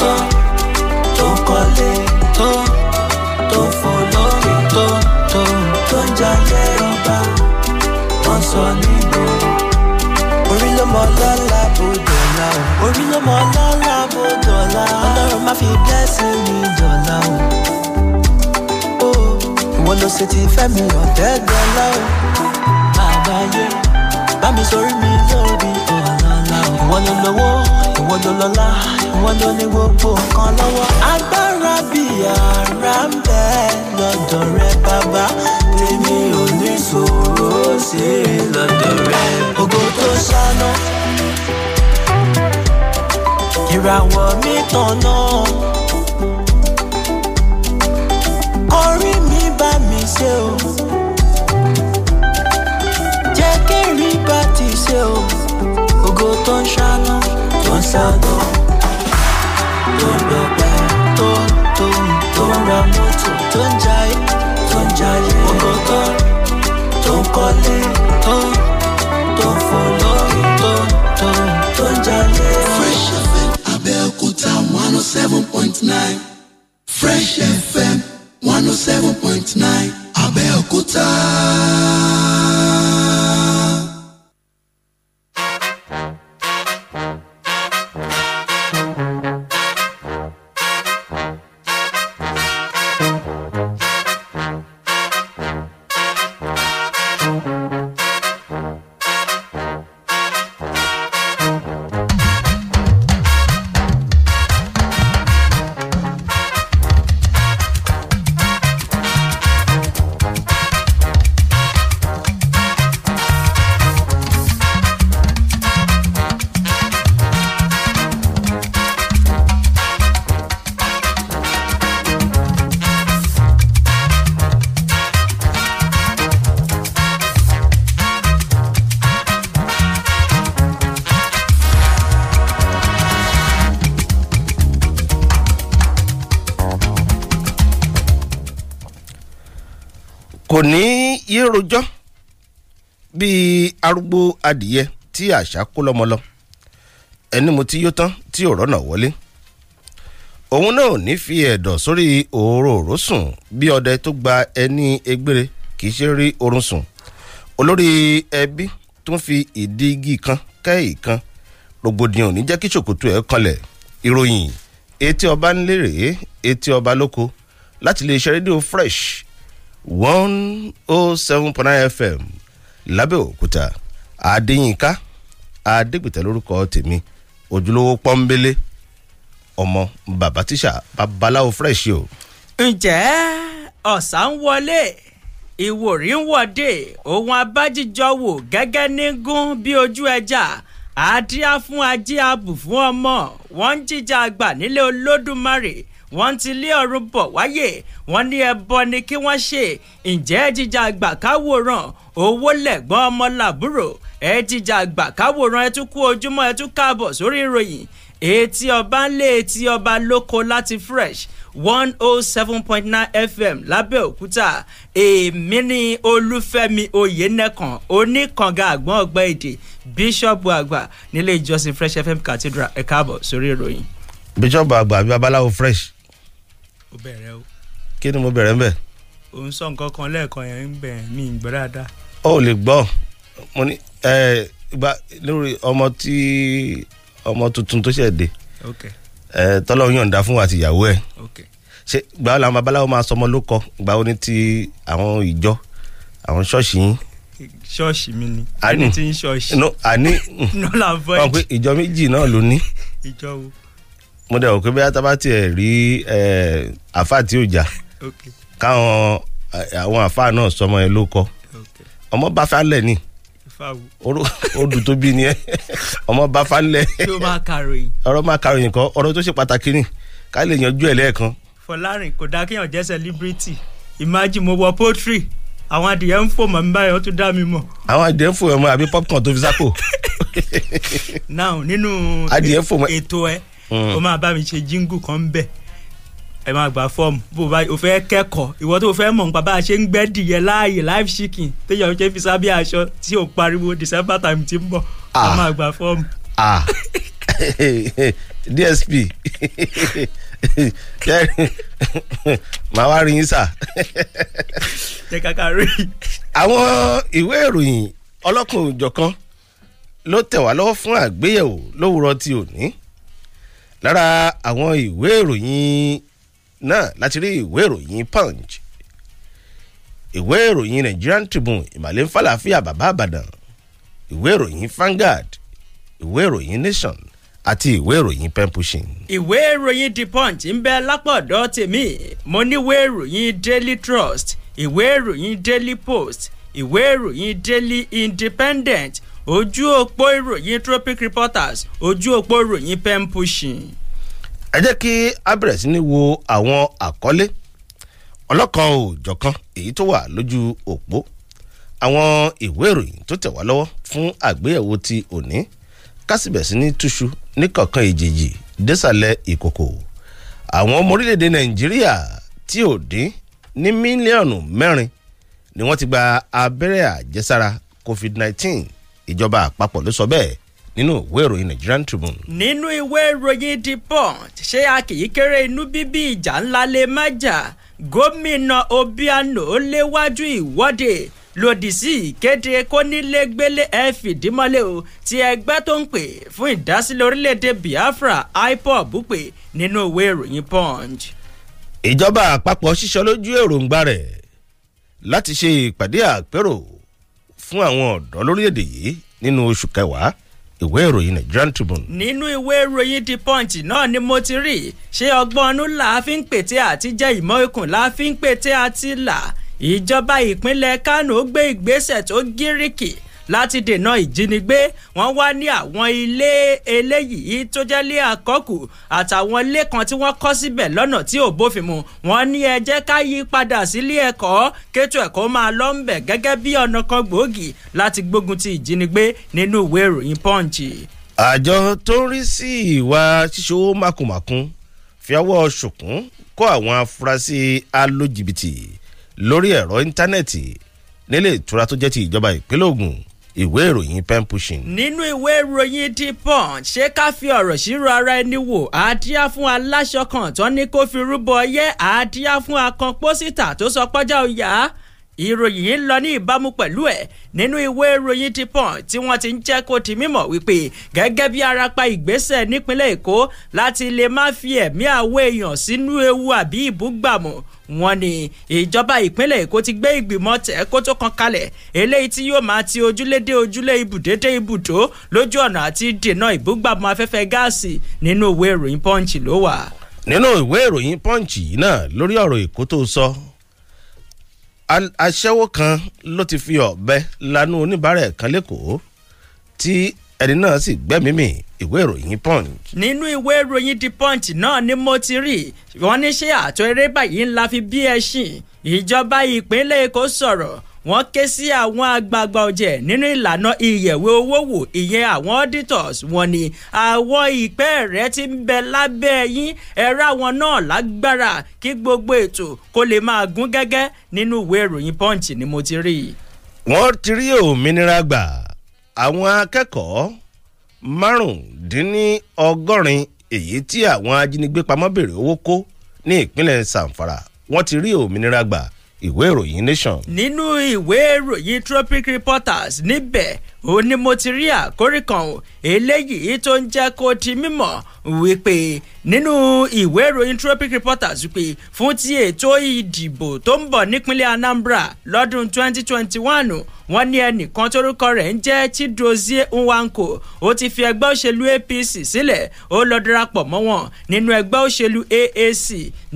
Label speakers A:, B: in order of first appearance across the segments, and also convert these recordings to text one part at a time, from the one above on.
A: tó tó kọ́lé tó tó fòlókè tó tó tó ń jalè ọba wọ́n sọ nígboro. orí ló mọ lọ́la bòdò ọ̀la o. orí ló mọ lọ́la bòdò ọ̀la. ọlọ́run má fi blessing mi dọ̀la o. Oh, ìwọ ló ṣe ti fẹ́ mi ọ̀tẹ́ dọ̀la o. àgbáyé. I'm bá mi sọrí mi lórí ọ̀làlà. ìwọ ló lówó ìwọ ló lọ́lá ìwọ ló ní gbogbo nǹkan lọ́wọ́. agbára bí ara ń bẹ lọ́dọ̀ rẹ bàbá only ò ní ṣòro ṣe lọ́dọ̀ rẹ. ògo tó ṣáná ìràwọ̀ mi tàn náà. ton chano, ton sado Ton bebe, ton, ton, ton ramoto Ton jai, ton jai, oko ton Ton kole, ton, ton folo Ton, ton, ton jai Fresh FM, Abeokuta 107.9 Fresh FM, 107.9
B: kò ní yé rojọ́ bíi arúgbó adìyẹ tí àṣà kó lọ́mọlọ́ ẹni mo ti yó tán tí ò rọ́nà wọlé òun náà ò ní fi ẹ̀dọ̀ sórí òróòró sùn bí ọdẹ tó gba ẹni egbére kì í ṣe rí oorun sùn olórí ẹbí tó ń fi ìdí igi kan kẹ́ ìkan rògbòdìyàn ò ní jẹ́ kí ṣòkòtò ẹ̀ kanlẹ̀ ìròyìn etí ọba ń lérè etí ọba lóko láti lè ṣe rédíò fresh one oh seven point nine fm lábẹ́òkúta adéyínká adégbìtẹ́ lórúkọ tèmi ojúlówó pọ́nbélé ọmọ bàbá tíṣà babaláwo fresh o.
C: ǹjẹ́ ọ̀sà ń wọlé ìwòrí ń wọ̀dé ohun abájíjọ wò gẹ́gẹ́ ní gún bí ojú ẹja àdíá fún ajé abù fún ọmọ wọ́n ń jíjà àgbà nílé olódùmarè wọ́n ti lé ọ̀run bọ̀ wáyé wọ́n ní ẹbọ ni kí wọ́n ṣe ǹjẹ́ jíjà àgbà káwòrán owó lẹ̀gbọ́n ọmọ làbúrò ẹ jíjà àgbà káwòrán ẹ tún kú ojúmọ́ ẹ tún káàbọ̀ sórí ìròyìn etí ọba ńlé etí ọba lóko láti fresh one oh seven point nine fm lábẹ́òkúta èmi ní olúfẹ́mi oyènẹ́kan oníkànga àgbọ̀n ọgbà èdè bíṣọ̀bù àgbà nílé ìjọsìn fresh fm cathedral ẹ̀ka àbọ̀ sórí ìròyìn.
B: bíṣọ̀bù àgbà àbí babaláwo fresh ó bẹ̀rẹ̀ o. kí ni mo bẹ̀rẹ̀ ń bẹ̀.
C: ò ń sọ nǹkan kan lẹ́ẹ̀kan yẹn ń bẹ̀ mí gbọ́ dáadáa.
B: ó lè gbọ́ mo ní gba lórí ọmọ tí ọmọ tuntun tó ṣẹ̀ dé tọ́lọ́ yọ̀ǹda fún àti ìyàwó ẹ̀ ṣe gbàá làwọn babaláwo máa sọmọ ló kọ gbàá ó ní ti àwọn ìjọ àwọn ṣọ́ọ̀ṣì yín
C: ṣọ́ọ̀ṣì mi ni ẹni tí ń ṣọ́ọ̀ṣì. àní
B: ọ̀hún pé ìjọ méjì náà ló ní.
C: ìjọ wo
B: mo dẹ̀ wò pé bóyá tábà tiẹ̀ rí àfa tí ò jà káwọn àwọn àfa náà sọmọ ẹ ló kọ ọmọ bá falẹ̀ ni odù tó bí ni ẹ ọmọ bá falẹ̀ ọ̀rọ̀ máa karòyìn kan ọ̀rọ̀ tó ṣe pàtàkì ni ká lè yanjú ẹ̀ lẹ́ẹ̀kan.
C: Fọlárin kò dá kéèyàn jẹ́ celebrity imagine mo wọ poultry àwọn adìyẹ ń fò mọ́ mi báyìí wọ́n tún dá mi mọ̀.
B: àwọn adìyẹ ń fò mọ́ àbí popcorn tó fi sápò.
C: now nínú ètò ẹ ó mm. máa bá mi ṣe jíngù kan bẹ̀ ẹ máa gba fọ́ọ̀mù bó o bá o fẹ́ kẹ́kọ̀ọ́ ìwọ tó o fẹ́ mọ̀ nípa bá a ṣe ń gbẹ́ dìyẹ láàyè live chicken téèyàn ṣe fi sábẹ́ aṣọ tí o pariwo December time ti ń bọ̀ ẹ ah. máa gba fọ́ọ̀mù.
B: Ah. DSP màá wá rí yín sà. jẹ kàkà rí. àwọn ìwé ìròyìn ọlọ́kùnrin òjọ̀kan ló tẹ̀ wá lọ́wọ́ fún àgbéyẹ̀wò lówùrọ̀ ti òní lára àwọn ìwé ìròyìn náà láti rí ìwé ìròyìn punch ìwé ìròyìn Nigerian Tribune ìmàlẹ́ ń fàlàáfíà bàbá àbàdàn ìwé ìròyìn Vanguard ìwé ìròyìn Nation àti ìwé ìròyìn pen pushing.
C: ìwé ìròyìn The Punch ń bẹ lápọ̀dọ̀ tèmi mo níwé ìròyìn Daily Trust ìwé ìròyìn Daily Post ìwé ìròyìn Daily Independent ojú òpó ìròyìn tropic reporters ojú òpó ìròyìn pen pushing.
B: ẹ jẹ́ kí a bẹ̀rẹ̀ sí ní wo àwọn àkọlé ọlọ́kan òòjọ̀kan èyí tó wà lójú òpó àwọn ìwé ìròyìn tó tẹ̀ wá lọ́wọ́ fún àgbéyẹ̀wò ti òní kásìbẹ̀ sí ní túṣu ní kọ̀ọ̀kan ìjèjì désàlẹ̀ ìkòkò àwọn ọmọ orílẹ̀-èdè nàìjíríà tí ò dín ní mílíọ̀nù mẹ́rin ni wọ́n ti gba abẹ́rẹ́ àjẹsára covid-19 ìjọba àpapọ̀ ló sọ bẹ́ẹ̀ nínú ìwé ìròyìn Nigerian Tribune.
C: nínú ìwé ìròyìn The Punch ṣé a kì í kéré inú bíbí ìjà ńlá lè má jà gómìnà Obiano léwájú ìwọ́de lòdì sí ìkéde kónílégbélé ẹ fìdímọ́lé o ti ẹgbẹ́ tó ń pè fún ìdásílẹ̀ orílẹ̀-èdè Biafra IPOB pè nínú ìwé ìròyìn Punch.
B: ìjọba àpapọ̀ ṣiṣọ́ lójú èròǹgbà rẹ̀ láti ṣe ìpàdé àpérò fún àwọn ọ̀dọ́ lórílẹ̀‐èdè yìí nínú oṣù kẹwàá ìwé ìròyìn Nigerian Tribune.
C: nínú ìwé ìròyìn The Punch náà ni mo ti rí ṣé ọgbọ́n ọdún là á fi ń pète àti jẹ́ ìmọ̀ ikùn là á fi ń pète àti là ìjọba ìpínlẹ̀ Kánò gbé ìgbésẹ̀ tó gíríkì láti dènà ìjínigbé wọ́n wá ní àwọn ilé eléyìí tó jẹ́ ilé àkọ́kù àtàwọn ilé kan tí wọ́n kọ́ síbẹ̀ lọ́nà tí ò bófin mu wọ́n ní ẹ jẹ́ ká yí padà sílé ẹ̀kọ́ kétò ẹ̀kọ́ máa lọ ń bẹ̀ gẹ́gẹ́ bí ọ̀nà kan gbòógì láti gbógun ti ìjínigbé nínú ìwé ìròyìn punch. àjọ tó ń rí sí ìwà ṣíṣòwò makùmakùn fi ọwọ́ ṣòkún
B: kó àwọn afurasí alójìbìtì lórí ẹ̀rọ íńtánẹ́ẹ̀tì nílé ìtura tó jẹ́ ti ìjọba ìpínlẹ̀ Ògùn ìwé ìròyìn pen pushing.
C: nínú ìwé ìròyìn the punch ṣé ká fi ọ̀rọ̀ ṣírò ara ẹni wò àdíá fún aláṣọ kan tó ní kó fi rúbọ ọyẹ́ àdíá fún akànpọ́sítà tó sọ pọ́jà òyà ìròyìn yìí ń lọ ní ìbámu pẹ̀lú ẹ̀ nínú ìwé ìròyìn ti pọ̀n tí wọ́n ti ń jẹ́ kó ti mímọ̀ wípé gẹ́gẹ́ bí arapa ìgbésẹ̀ nípínlẹ̀ èkó láti lè má fi ẹ̀mí àwọ̀ èèyàn sínú ewu àbí ìbúgbàmù wọ́n ní ìjọba ìpínlẹ̀ èkó ti gbé ìgbìmọ̀ tẹ̀ kó tó kan kalẹ̀ eléyìí tí yóò máa ti ojúlé dé ojúlé ibùdé dé ibùdó lójú ọ̀nà àti dènà ìbúgbàmù afẹ́fẹ́ gáàsì nínú ìwé ìròyìn pọ́ǹchì ló wà. nínú ìwé ìròyìn
B: pọ́ǹchì yìí náà lórí ọ̀rọ̀ èkó tó sọ aṣẹ́wó kan ló ti fi ọ̀bẹ lanú oníbàárẹ̀ kan lẹ́kọ̀ọ́ tí ẹni náà sì gbẹ́mìí mì ìwé ìròyìn punch.
C: nínú ìwé ìròyìn the punch náà ni mo ti rí wọ́n ní ṣé àtọ eré báyìí ńlá fi bí ẹṣin ìjọba ìpínlẹ̀ èkó sọ̀rọ̀ wọ́n ké sí àwọn àgbààgbà ọ̀jẹ̀ nínú ìlànà ìyẹ̀wé owó wò ìyẹn àwọn auditors wọ́n ní àwọn ìpẹ́ rẹ̀ ti ń bẹ lábẹ́ yín ẹ̀rọ àwọn náà lágbára kí gbogbo ètò kó lè máa gún gẹ́gẹ́ nínú ìwé ìròyìn punch ni mo ti rí. wọ́n ti rí òmìnira gbà àwọn akẹ́kọ̀ọ́
B: márùndínlọ́gọ́rin èyí tí àwọn ajínigbé pamọ́ béèrè owó kó ní ìpínlẹ̀ sanfara wọ́n ti rí òmìnira gbà ìwé ìròyìn nation.
C: nínú ìwé ìròyìn tropic reporters níbẹ̀ ó ní mo ti rí àkórí kan eléyìí tó ń jẹ́ kó di mímọ̀ wípé nínú ìwé ìròyìn tropic reporters wípé fún ti ètò ìdìbò tó ń bọ̀ nípínlẹ̀ Anambra lọ́dún 2021 wọ́n ní ẹnìkan tórúkọ rẹ̀ ń jẹ́ Chidozie Nwanko ó ti fi ẹgbẹ́ òṣèlú APC sílẹ̀ ó lọ darapọ̀ mọ́ wọn nínú ẹgbẹ́ òṣèlú AAC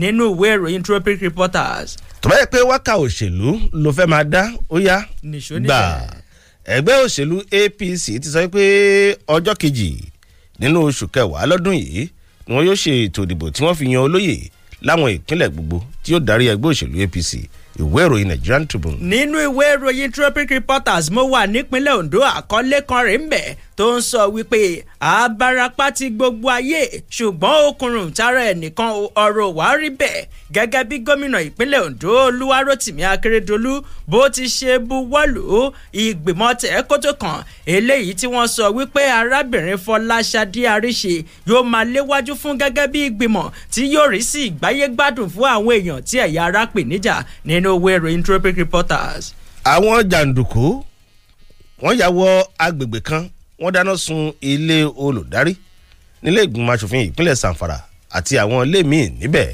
C: nínú ìwé ìròyìn tropic reporters.
B: tó bá yẹ pé wákà òṣèlú ló fẹ́ máa dá ó yá gbà ẹgbẹ́ òṣèlú APC ti sọ pé ọjọ́ kejì nínú oṣù kẹwàá lọ́dún yìí ni wọ́n yóò ṣe ètò ìdìbò tí wọ́n fi yan olóyè láwọn ìpínlẹ̀ gbogbo tí yóò darí ẹgbẹ́ òṣèlú APC ìwé ìròyìn Nigerian Tribune.
C: nínú ìwé ìròyìn Tropic Reporters mo wà nípínlẹ̀ Ondo àkọlé kan rèé ń bẹ̀ tó ń sọ wípé àbárapá ti gbogbo ayé ṣùgbọ́n okùnrùn tara ẹ̀ ọ̀rọ̀ wá rí bẹ́ẹ̀ gẹ́gẹ́ bí gómìnà ìpínlẹ̀ Ondo Olúwarótìmí Akérédolú bó ti ṣe buwọ́lù ìgbìmọ̀ tẹ̀ẹ́kótó kan eléyìí tí wọ́n sọ wípé arábìnrin Fọláṣadé Àríṣe yóò máa léwájú fún gẹ́gẹ́ bí ìgbìmọ̀ tí yóò rí sí ìgbáyégbádùn fún àwọn èèyàn tí ẹ̀yà ara pè níjà nínú òwe ìròyìn Reporters. àwọn jàǹdùkú wọ́n yà wọ agbègbè kan wọ́n dáná sun ilé
B: olùdarí nílé ìgbìmọ̀ asòfin ìpínlẹ̀ Zamfara àti àwọn ilé míì níbẹ̀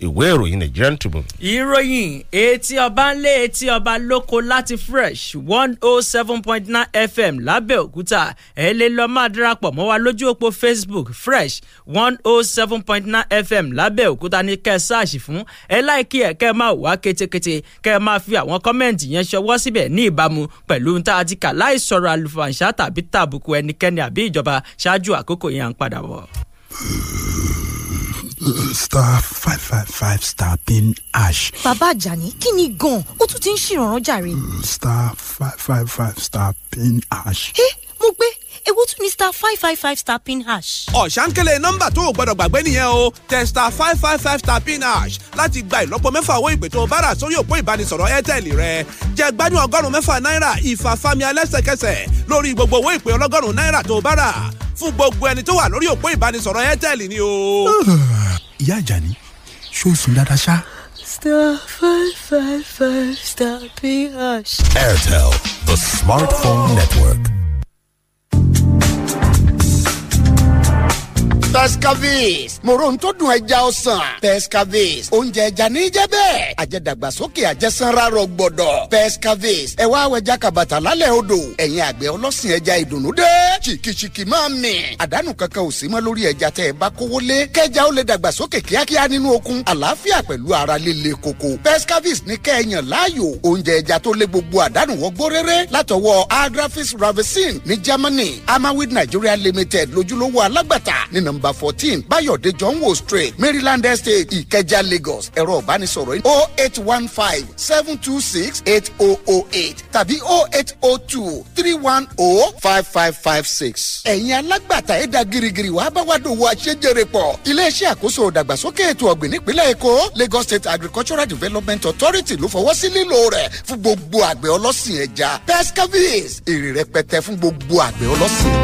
B: ìwé ìròyìn Nigerian Tribune.
C: ìròyìn etí ọba ń lé etí ọba lóko láti fresh one oh seven point nine fm lábẹ́òkúta ẹ lè lọ máa darapọ̀ mọ́ wa lójú òpó facebook fresh one oh seven point nine fm lábẹ́òkúta ní kẹ́ ẹ sáàṣì fún ẹ láìkí ẹ kẹ́ ẹ máa wá ketekete kẹ́ ẹ máa fi àwọn kọ́mẹ́ǹtì yẹn ṣọwọ́ síbẹ̀ ní ìbámu pẹ̀lú tá a ti kà láì sọ̀rọ̀ àlùfànṣá tàbí tàbùkù ẹnikẹ́ni àbí ìjọba ṣáájú àkókò yẹn à ń padà bọ̀
D: star five five five star pin hash.
E: bàbá àjàní kí ni gan-an ó tún ti ń ṣèrànràn jàre.
D: star five five five star pin hash.
E: ẹ mo gbé èwo tún ni star five five five star pin hash.
F: ọ̀sánkélé nọ́mbà tó o gbọ́dọ̀ gbàgbé nìyẹn o tẹ star five five five star pin hash láti gba ìlọ́po mẹ́fà owó ìpè tó o bá rà sórí òpó ìbánisọ̀rọ̀ airtel rẹ jẹ gbádùn ọgọ́rùn-ún mẹ́fà náírà ìfàfàmì alẹ́sẹ̀kẹsẹ̀ lórí gbogbo owó ìpè ọlọ́gọ́rùn-ún náírà tó o bá rà fún gbogbo ẹni tó wà lórí òpó ìbánisọ̀rọ̀ airtel ni o.
D: ìyá àjàní ṣó o
G: sùn dáadáa ṣá.
A: star five five five star ph.
G: airtel the smartphone network.
H: pescavis mòròǹtó dùn ẹja ọsàn pescavis oúnjẹ ẹja ní í jẹ bẹ́ẹ̀ àjẹdàgbàsókè àjẹsánra rọ gbọ́dọ̀ pescavis ẹ wá wẹja kàbàtà lálẹ́ odò ẹ̀yin àgbẹ̀ ọlọ́sìn ẹja ìdùnnú dé chìkìchìkì máa mì àdánù kankan ò sí mọ́ lórí ẹja tẹ́ ẹ bá kówó lé kẹja ó lè dàgbàsókè kíákíá nínú okun àlàáfíà pẹ̀lú ara líle koko pescavis ní kẹ́ẹ̀yàn láàyò oúnjẹ ẹja tó lé gbogbo àdánù wọgbó rere látọwọ́ agrafis ravesin ní Germany amawid Nigeria limited lójúlówó alágbàtà ní nọ́mbà nọ́mbà fourteen Bayọ̀dé John Wo Street Maryland Estate Ikeja Lagos ẹ̀rọ ìbánisọ̀rọ̀ o oh eight one five seven two six eight o oh o oh eight tàbí o eight o two three one o five five five six. ẹ̀yin alágbàtà ẹ̀dá girigiri wàá bá wa dòwò àṣejèrè pọ̀ iléeṣẹ́ àkóso ìdàgbàsókè ètò ọ̀gbìn nípínlẹ̀ Èkó Lagos State Agricultural Development Authority ló fọwọ́ sí lílo rẹ̀ fún gbogbo àgbẹ̀ ọlọ́sìn ẹja pescavis èrè rẹpẹtẹ fún gbogbo àgbẹ̀ ọlọ́sìn.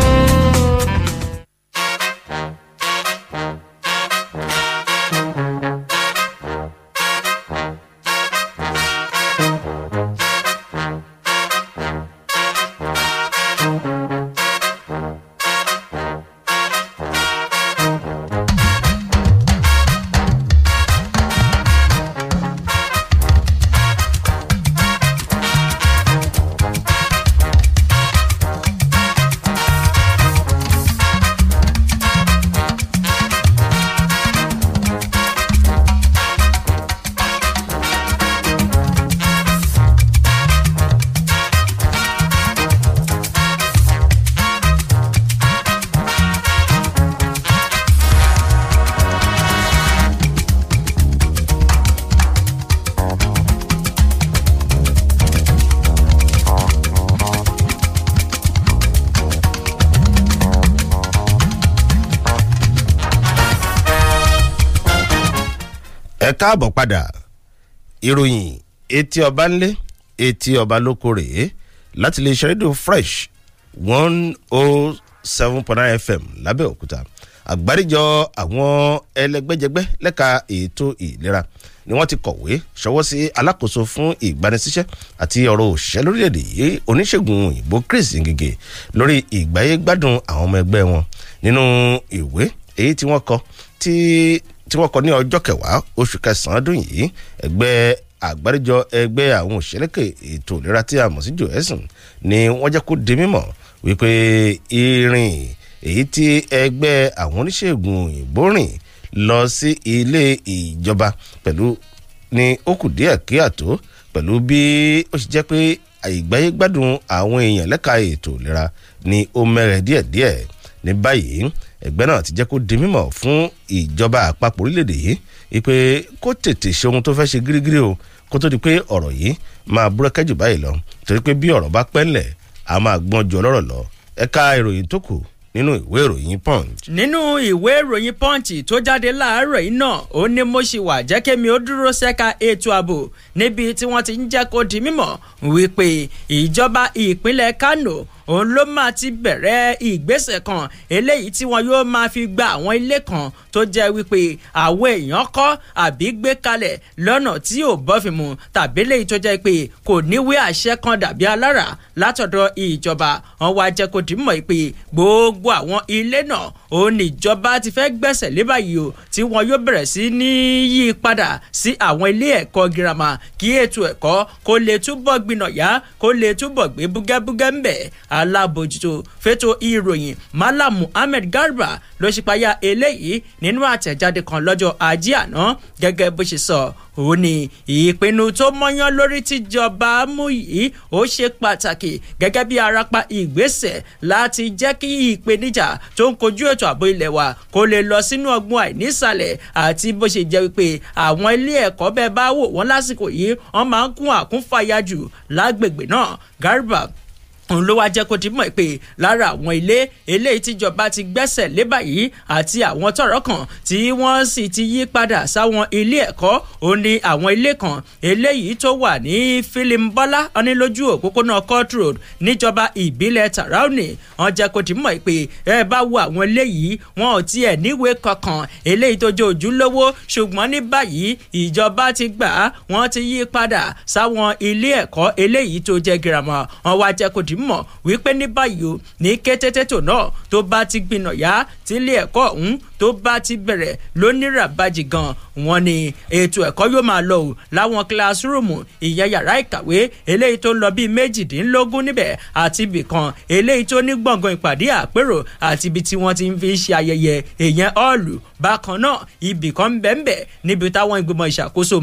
B: káàbọ̀ padà ìròyìn etí ọba ńlé etí ọba lóko rèé láti lè ṣe fresh one oh seven point nine fm lábẹ́òkúta àgbáríjọ àwọn ẹlẹgbẹ́jẹgbẹ́ lẹ́ka ètò ìlera ni wọ́n ti kọ̀wé ṣọwọ́ sí alákòóso fún ìgbanisíṣẹ́ àti ọ̀rọ̀ òṣìṣẹ́ lórílẹ̀‐èdè yìí oníṣègùn òyìnbó Chris Ngige lórí ìgbáyé gbádùn àwọn ọmọ ẹgbẹ́ wọn nínú ìwé èyí tí wọ́n kọ tí tí wọ́n kọ ní ọjọ́ kẹwàá oṣù kẹsàn-án ọdún yìí ẹgbẹ́ àgbáríjọ ẹgbẹ́ àwọn òṣèlékè ètò ìlera tí a mọ̀ sí johansson ni wọ́n jẹ́ kó di mímọ̀ wípé irin èyí tí ẹgbẹ́ àwọn oníṣègùn òyìnbó rìn lọ sí ilé ìjọba pẹ̀lú ni ó kù díẹ̀ kí àtó pẹ̀lú bí ó ṣe jẹ́ pé ìgbáyé gbádùn àwọn èèyàn lẹ́ka ètò ìlera ni ó mẹ́rẹ̀ díẹ̀díẹ̀ ní báyìí ẹgbẹ́ náà ti jẹ́ kó di mímọ̀ fún ìjọba àpapọ̀ orílẹ̀-èdè yìí wípé kó tètè ṣe ohun tó fẹ́ ṣe gírígírí o kó tó di pé ọ̀rọ̀ yìí máa búrẹ́kẹ́ jù báyìí lọ torí pé bí ọ̀rọ̀ bá pẹ́ ńlẹ̀ a máa gbọ́n ju ọlọ́rọ̀ lọ ẹ̀ka ìròyìn tó kù nínú ìwé ìròyìn punch.
C: nínú ìwé ìròyìn punch tó jáde láàárọ̀ yìí náà ó ní mo ṣì wà jẹ́ kémi ó dúró sẹ́ka ètò ààbò níbi tí wọ́n ti ń jẹ́ kó di mímọ̀ wípé ìjọba ìpínlẹ̀ kano òun ló máa ti bẹ̀rẹ̀ ìgbésẹ̀ kan eléyìí tí wọn yóò máa fi gba àwọn ilé kan tó jẹ́ wípé àwọn èèyàn kọ́ àbí gbé kalẹ̀ lọ́nà tí ò bọ́fin mu tàbí léyìí tó jẹ́ pé kò níwèé àṣẹ kan dàbí alára látọ̀dọ̀ ìjọba wọn wá jẹ́ kó dìímọ̀ pé gbogbo àwọn ilé náà òun níjọba ti fẹ́ gbẹ̀sẹ̀ lé báyìí o tí wọn yóò bẹ̀rẹ̀ sí ní yí padà sí àwọn ilé ẹ̀kọ́ girama kí ètò ẹ̀kọ́ kó lè túbọ̀ gbinàyà kó lè túbọ̀ gbé búgẹ́búgẹ́ ńbẹ̀ alábòjútó fẹ́tò ìròyìn Malam Muhammed Garba ló ṣípayá eléyìí nínú àtẹ̀jáde kan lọ́jọ́ ajé àná gẹ́gẹ́ bó ṣe sọ òun ni ìpinnu tó mọ́yán lórí tíjọba mú yìí ó ṣe pàtàkì gẹ́gẹ́ bí arapa ìgbésẹ̀ láti jẹ́ kí ìpèníjà tó ń kojú ètò ààbò ilẹ̀ wa kó lè lọ sínú ọgbọ́n àìnísàlẹ̀ àti bó ṣe jẹ́ wípé àwọn ilé ẹ̀kọ́ bẹ́ẹ̀ bá wò wọ́n lásìkò yìí wọ́n máa ń kún àkúnfàyà jù lágbègbè náà Garba òun ló wáá jẹ́ kó di mọ̀ pé lára àwọn ilé eléyìí tíjọba ti gbẹ́sẹ̀ lé báyìí àti àwọn tọ̀rọ̀ kan tí wọ́n sì ti yí padà sáwọn ilé ẹ̀kọ́ òun ni àwọn ilé kan eléyìí tó wà ní Fílímbọ́lá ọ̀nìlójú òpópónà Court Road níjọba ìbílẹ̀ Tarauni wọ́n jẹ́ kó di mọ̀ pé ẹ bá wo àwọn eléyìí wọn ò tiẹ̀ níwèé kankan eléyìí tó jẹ́ ojúlówó ṣùgbọ́n ní báyìí ìjọba ti gbà wọ́n yìí mọ̀ wípé ní báyìí o ní kétététò náà tó bá ti gbìnàyà tí ilé ẹ̀kọ́ ọ̀hún tó bá ti bẹ̀rẹ̀ lóníràbàjì gan wọ́n ní ètò ẹ̀kọ́ yóò máa lọ o láwọn kílásírùmù ìyẹn yàrá ìkàwé eléyìí tó ń lọ bíi méjìdínlógún níbẹ̀ àti ibì kan eléyìí tó ní gbọ̀ngàn ìpàdé àpérò àti ibi tí wọ́n ti ń fi ṣe ayẹyẹ èèyàn ọ́ọ̀lù bákan náà ibì kan bẹ́ẹ̀ níbi táwọn ìgbìmọ̀ ìṣàkóso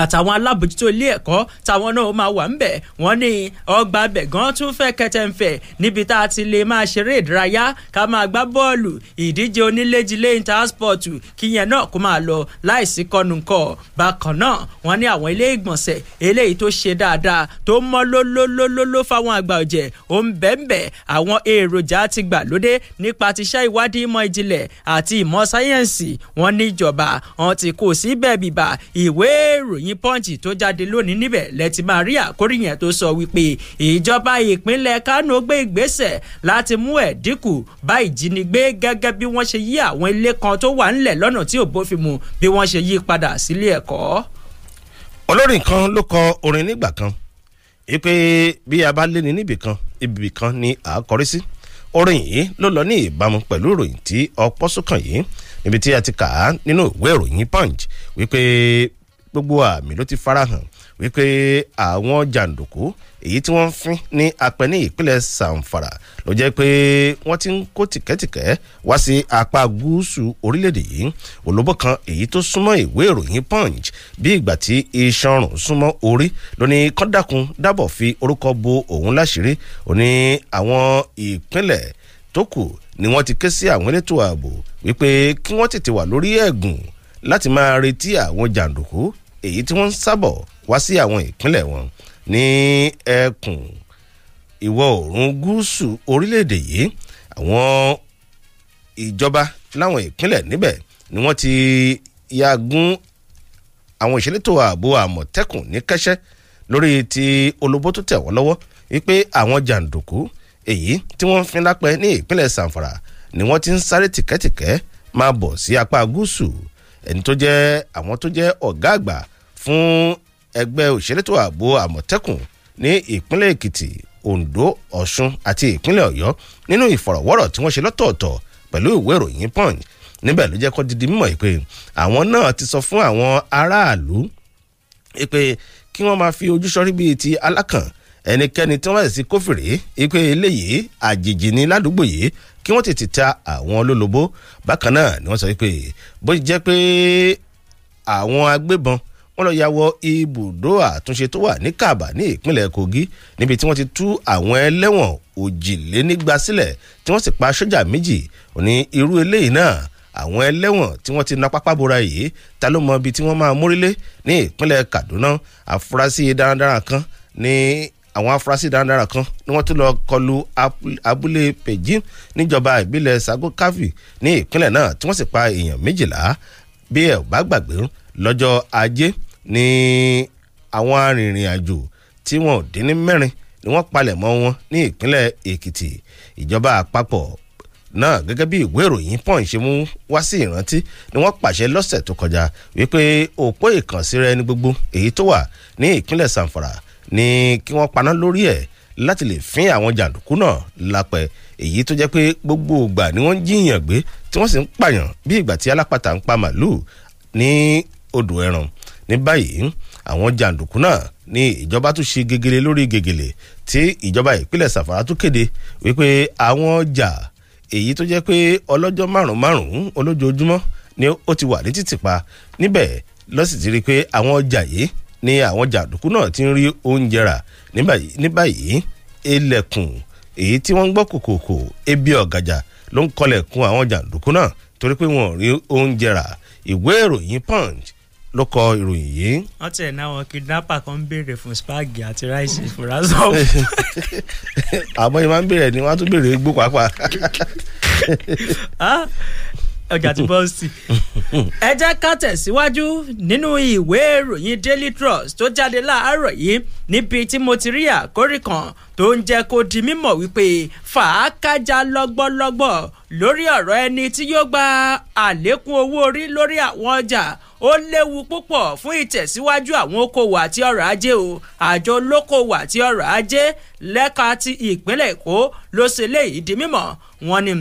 C: àtàwọn alábòjútó ilé ẹ̀kọ́ táwọn náà máa wà ńbẹ̀ wọ́n ní ọgbà abẹ̀ gan tún fẹ́ kẹtẹ̀ǹfẹ̀ níbi tá a ti lè máa ṣeré ìdárayá ká máa gbá bọ́ọ̀lù ìdíje oníléjilé intersport kíyẹn náà kó máa lọ láìsí kọnùkọ bákan náà wọ́n ní àwọn ilé ìgbọ̀nsẹ̀ eléyìí tó ṣe dáadáa tó mọ́ lólólólóló fáwọn àgbà ọ̀jẹ̀ ó ń bẹ́ẹ̀nbẹ́ àwọn èròjà ti gbà lóde nípa tiṣẹ́ ìwádìí ìmọ̀ ìjìnlẹ̀ àti ìmọ̀ sáyẹ́ǹsì wọ́n níjọba wọ́n ti kò sí bìbà ìwé èrò ìròyìn punch tó jáde lónìí níbẹ̀ lẹ́tì máa rí àkórí yẹn tó sọ wípé ìjọba ìpínlẹ̀ Kánò gbé ìgbésẹ̀ láti mú ẹ̀dínkù bá ìjínigbé gẹ́gẹ́ bí wọ́n ṣe yí àwọn ilé kan tó wà ńlẹ̀ lọ́nà tí ò bófin mu bí wọ́n ṣe yí padà sílé ẹ̀kọ́. olórin kan ló kọ orin nígbà kan wípé
B: bí a bá lé ní níbìkan ibìkan ni à á kọrí sí orin yìí ló lọ ní ìbámu pẹ̀lú ìròyìn tí ọpọ́ sókàn yìí níbi tí a ti kà á nínú ìwé ìròyìn punch wípé gbogbo àmì ló ti farahàn wípé àwọn jàǹdùkú èyí tí wọ́n fín ní apẹ̀ní ìpínlẹ̀ sanfara ló jẹ́ pé wọ́n ti ń kó tìkẹ́tìkẹ́ wá sí apá gúúsù orílẹ̀-èdè yìí olóbó kan èyí tó súnmọ́ ìwé ìròyìn punch bí ìgbà tí iṣan súnmọ́ orí ló ní kọ́ńdàkùn dábọ̀ fi orúkọ bo òun láṣìírí ó ní àwọn ìpínlẹ̀ tó kù ni wọ́n ti ké sí àwọn elétò ààbò wípé kí wọ́n tètè wà lórí ẹ̀gùn láti máa retí àwọn jàǹdùkú èyí tí wọ́n ń sábọ̀ wá sí àwọn ìpínlẹ̀ wọn ní ẹkùn ìwọ̀ oòrùn gúúsù orílẹ̀-èdè yìí àwọn ìjọba láwọn ìpínlẹ̀ níbẹ̀ ni wọ́n ti yagun àwọn ìṣẹ́létò ààbò àmọ̀tẹ́kùn ní kẹ́sẹ́ lórí ti olóbó tó tẹ̀ wọ́n lọ́wọ́ wípé àwọn jàǹdùkú èyí tí wọ́n ń fi lápẹ́ ní ìpínlẹ̀ sàǹfàrà ni wọ́n ti ń sáré tìkẹ́tìkẹ́ máa bọ̀ sí apá gúúsù ẹni tó jẹ́ àwọn tó jẹ́ ọ̀gá àgbà fún ẹgbẹ́ òṣèlétò ààbò àmọ̀tẹ́kùn ní ìpínlẹ̀ èkìtì ondo ọ̀ṣun àti ìpínlẹ̀ ọ̀yọ́ nínú ìfọ̀rọ̀wọ́rọ̀ tí wọ́n ṣe lọ́tọ̀ọ̀tọ̀ pẹ̀lú ìwé ìròyìn punch níbẹ̀ ló jẹ́ kó didi mímọ̀ pé àwọn náà ti sọ fún àwọn aráàlú pé kí wọ́n máa fi ojú sọrí bíi ti alákàn ẹnikẹ́ni tí wọ́n sì kófìrí pé eléyìí àjèjì ní ládùúgbò yìí kí wọ́n tètè ta àwọn olólobó bákan náà ni wọ́n sọ pé bó ti jẹ́ pé àwọn agbébọn wọ́n lọ ya wọ ibùdó àtúnṣe tó wà ní Kàbà ní ìpínlẹ̀ Kogi níbi tí wọ́n ti tú àwọn ẹlẹ́wọ̀n òjìlénígba sílẹ̀ tí wọ́n sì pa sójà méjì òní irú eléyìí náà àwọn ẹlẹ́wọ̀n tí wọ́n ti na pápá bora yìí ta ló mọ ibi tí wọ́n máa mórílé ní ìpínlẹ̀ Kaduna àfúrásì darandaran kan ní àwọn afurasí darandaran kan ni wọ́n tún lọ kọlu abúlé pejin níjọba sago sagokavi ní ìpínlẹ̀ náà tí wọ́n sì pa èèyàn méjìlá bí ẹ̀ bá gbàgbé lọ́jọ́ ajé ní àwọn arìnrìn àjò tí wọn ò dín ní mẹ́rin ni wọ́n palẹ̀ mọ́ wọn ní ìpínlẹ̀ èkìtì ìjọba àpapọ̀ náà gẹ́gẹ́ bí ìwé ìròyìn punch ṣe mú wá sí ìrántí ni wọ́n pàṣẹ lọ́sẹ̀ tó kọjá wípé òpó ìkànsíra ẹni gbogbo èyí tó wà ní ìpínlẹ̀ sanfara ní kí wọ́n paná lórí ẹ̀ láti lè fín àwọn jàǹdùkú náà lápẹ̀ èyí tó jẹ́ pé gbogbo ìgbà ni wọ́n ń jíyàn gbé tí wọ́n sì ń pààyàn bí ìgbà tí alápàtà ń pa màlúù ní odò ẹran ní báyìí àwọn jàǹdùkú náà ní ìjọba tún ṣe gegele lórí gegele tí ìjọba ìpínlẹ̀ sàfàrà tún kéde wípé àwọn ọjà èyí tó jẹ́ pé ọlọ́jọ́ márùn-ún márùn-ún olójoojúmọ́ ni ó ti wà ní títìpa níbẹ̀ lọ́sì ti rí i pé àwọn ọjà yìí ni àwọn jàǹdùkú náà ti ń rí oúnjẹ rà ní báyìí ilẹ̀kùn èyí tí wọ́n ń gbọ́ kòkòkò ebi ọ̀gàjà ló ń kọlẹ̀kùn àwọn jàǹdùkú náà torí pé wọn rí oúnjẹ rà ìwé ìròyìn punch ló kọ ìròyìn yìí.
C: wọ́n tẹ̀ náà wọn kidnapper kan ń béèrè fún spaghetti àti ráìsì fúra sọ́ọ̀bù.
B: àmọ́ ìmáà ń béèrè ni wọ́n á tún béèrè gbó pàápàá.
C: Ah, ọjà ti bọ́ sí. ẹ jẹ́ ká tẹ̀síwájú nínú ìwé ìròyìn Daily Trust tó jáde láàárọ̀ yìí níbi tí mo ti rí àkórí kan tó ń jẹ́ kó di mímọ̀ wípé fàákájà lọ́gbọ́lọ́gbọ́ lórí ọ̀rọ̀ ẹni tí yóò gba àlékún owó orí lórí àwọn ọjà ó léwu púpọ̀ fún ìtẹ̀síwájú àwọn okòwò àti ọrọ̀ ajé o àjọ olókòwò àti ọrọ̀ ajé lẹ́ka ti ìpínlẹ̀ Èkó ló ṣe léyìí di mímọ̀ wọ́n ní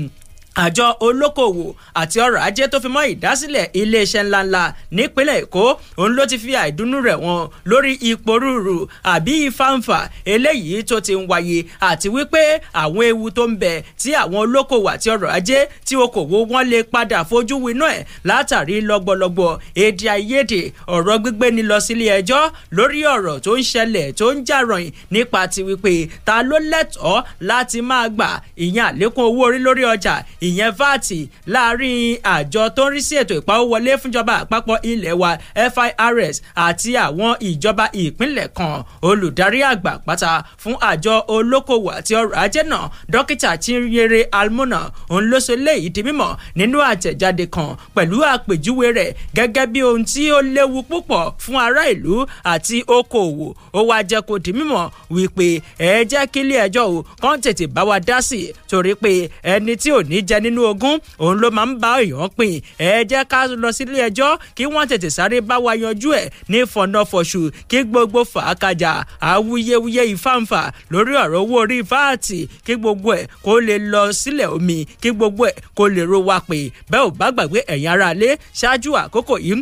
C: àjọ olókoòwò àti ọrọ̀ ajé tó fi mọ́ ìdásílẹ̀ iléeṣẹ́ ńláńlá nípínlẹ̀ èkó òun ló ti fi àìdùnnú rẹ̀ wọn lórí ipò rúurú àbí ìfàǹfà eléyìí tó ti ń wáyé àti wípé àwọn ewu tó ń bẹ tí àwọn olókoòwò àti ọrọ̀ ajé tí okòwò wọn lè padà fojú winá ẹ̀ látàrí lọ́gbọ̀lọ́gbọ̀ èdè àìyedè ọ̀rọ̀ gbígbé ni lọ sílé ẹjọ́ lórí ọ̀rọ̀ tó ń ṣẹlẹ̀ tó ń jàròyìn nípa ti wípé ta ló lẹ́tọ̀ọ́ láti máa gbà ìyẹn àlékún owó orí lórí ọjà ìyẹn vat láàrin àjọ tó ń rí sí ètò ìpawówọlé fúnjọba àpapọ̀ ilé wa firs àti àwọn ìjọba ìpínlẹ̀ kan olùdarí àgbà pátá fún àjọ olókòwò àti ọrọ̀ ajé náà dókítà Chinyere Almona Onlosole, ló sọ léyìí di mímọ̀ nínú àtẹ̀jáde kan pẹ̀lú àpèjúwe rẹ̀ gẹ́gẹ́ bí ohun tí ó léwu púpọ̀ fún ará ìlú àti okòòwò ó wá jẹ́ kó di mímọ̀ wípé ẹ jẹ́ kílé ẹjọ́ o kán tètè bá wa dá sí torí pé ẹni tí ò ní jẹ jẹ nínú ogún òun ló máa ń bá èèyàn pín ẹ jẹ́ ká lọ sílé ẹjọ́ kí wọ́n tètè sáré bá wa yanjú ẹ̀ ní fọ̀nàfọ̀ṣù kí gbogbo fàákàjà awuyewuye ìfàǹfà lórí ọ̀rọ̀ owó orí fáàtì kí gbogbo ẹ̀ kó lè lọ sílẹ̀ omi kí gbogbo ẹ̀ kó lè ro wa pè bẹ́ẹ̀ ò bá gbàgbé ẹ̀yin aráalé ṣáájú àkókò yìí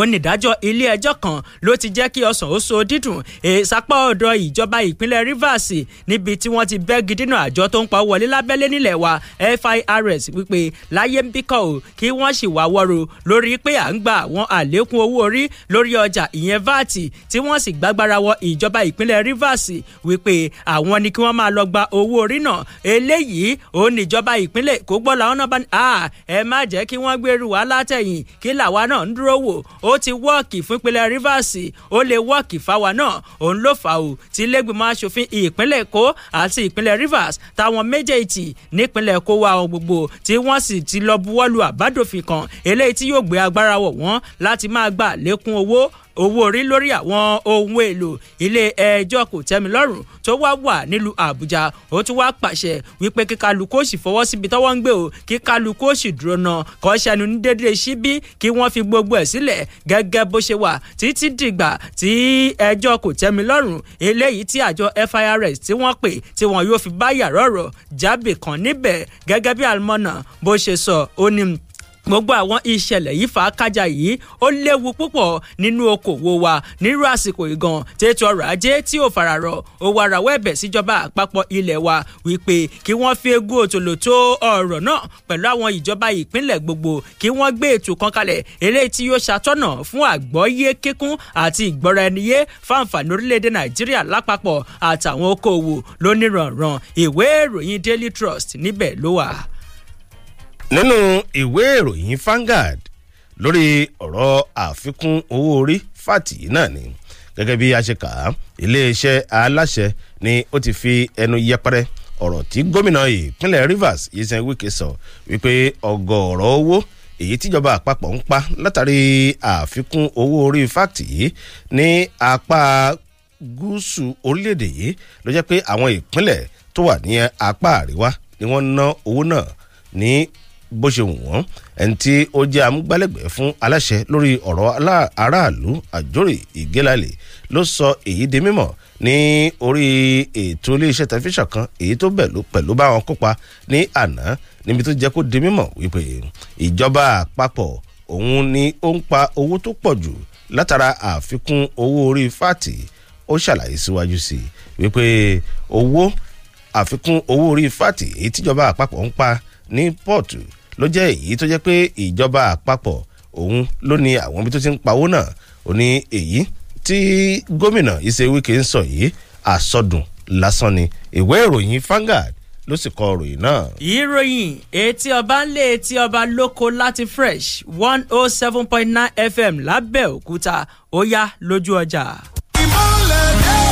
C: onídàájọ́ ilé-ẹjọ́ kan ló ti jẹ́ kí ọsàn ó so dídùn èsàpá ọ̀dọ̀ ìjọba ìpínlẹ̀ Rivers níbi tí wọ́n ti bẹ́gi dínà àjọ tó ń pa wọlé lábẹ́lé nílẹ̀ wa FIRS wípé láyé ń bíkọ́ o kí wọ́n sì wá wọ́rọ̀ lórí pé à ń gba àwọn àlékún owó orí lórí ọjà ìyẹn VAT tí wọ́n sì gbàgbára wọ ìjọba ìpínlẹ̀ Rivers wípé àwọn ni kí wọ́n máa lọ gba owó orí náà eléyìí òun níjọba ìpínlẹ̀ kó gbọ́ ó ti wọ́ọ̀kì fún ìpínlẹ̀ Rivers ó lè wọ́ọ̀kì fáwa náà òun ló fà ó tí lẹ́gbìmọ̀ asòfin ìpínlẹ̀ Èkó àti ìpínlẹ̀ Rivers táwọn méjèèjì nípínlẹ̀ Èkó wa ohun gbogbo tí wọ́n sì ti lọ buwọ́lu àbádòfin kan eléyìí tí yóò gbé agbára wọ̀ wọ́n láti máa gbà lékún owó owó orí lórí àwọn ohun èlò ilé ẹjọ́ kò tẹ́mi lọ́rùn tó wá wà nílùú àbújá ó tún wá pàṣẹ wípé kíkálukú sì fọwọ́ síbi tọ́wọ́ ń gbé o kíkálukú sì dúró náà kọ́ sẹ́nu ní déédéé síbí kí wọ́n fi gbogbo ẹ̀ sílẹ̀ gẹ́gẹ́ bó ṣe wà títí dìgbà tí ẹjọ́ kò tẹ́mi lọ́rùn eléyìí tí àjọ FIRS tí wọ́n pè tí wọn yóò fi bá yàrá ọ̀rọ̀ jábì kan níbẹ̀ gẹ́gẹ́ bí àlùmọ́nà bó ṣe sọ ó ní gbogbo àwọn ìṣẹ̀lẹ̀ yìí fà á kájà yìí ó léwu púpọ̀ nínú okòwò wa nírú àsìkò ìgan tètò ọrọ̀ ajé tí ò fararọ̀ ó wá rawọ́ ẹ̀bẹ̀ síjọba àpapọ̀ ilẹ̀ wa wípé kí wọ́n fi egún òtòlò tó ọ̀rọ̀ náà pẹ̀lú àwọn ìjọba ìpínlẹ̀ gbogbo kí wọ́n gbé ètò kan kalẹ̀ eléyìí tí yóò ṣàtọ́nà fún àgbọ́yé kíkún àti ìgbọ́ra ẹniyé fáǹfààní trust níbẹ̀ ló
B: nínú ìwé ìròyìn Vanguard lórí ọ̀rọ̀ àfikún owó orí fati náà ni gẹ́gẹ́ bí a ṣe kà á iléeṣẹ́ aláṣẹ ni ó ti fi ẹnu yẹpẹrẹ ọ̀rọ̀ tí gómìnà ìpínlẹ̀ Rivers Yẹsẹ̀ Wike sọ wípé ọgọ́rọ̀ owó èyí tíjọba àpapọ̀ ń pa látàrí àfikún owó orí fáàtì yìí ní apá gúúsù orílẹ̀-èdè yìí ló jẹ́ pé àwọn ìpínlẹ̀ tó wà ní apá àríwá ni wọ́n ná owó náà ní bó ṣe wù wọ́n ẹni tí ó jẹ́ amúgbálẹ́gbẹ̀ẹ́ fún aláṣẹ lórí ọ̀rọ̀ aráàlú àjórè ìgélálè ló sọ èyí di mímọ̀ ní orí ètò iléeṣẹ́ tẹlifíṣàn kan èyí tó bẹ̀lú pẹ̀lú báwọn kópa ní àná níbi tó jẹ́ kó di mímọ̀ wípé ìjọba àpapọ̀ òun ni ó ń pa owó tó pọ̀ jù látara àfikún owó orí fáàtì ó ṣàlàyé síwájú sí i wípé owó àfikún owó orí fáàtì èyí tíjọba àpapọ̀ ń pa ní pọ́ọ̀tù ló jẹ́ èyí tó jẹ́ pé ìjọba àpapọ̀ òun ló ní àwọn ibi tó ti ń pawó náà ó ní èyí tí gómìnà Ìṣe Wike ń sọ yìí àsọdùn lásán ni ìwé ìròyìn Vanguard ló sì kọ ròyìn náà.
C: ìròyìn etí ọba ń lé etí ọba lóko láti fresh one oh seven point nine fm lábẹ́òkúta ó yá lójú ọjà.
I: ìmọ̀lẹ̀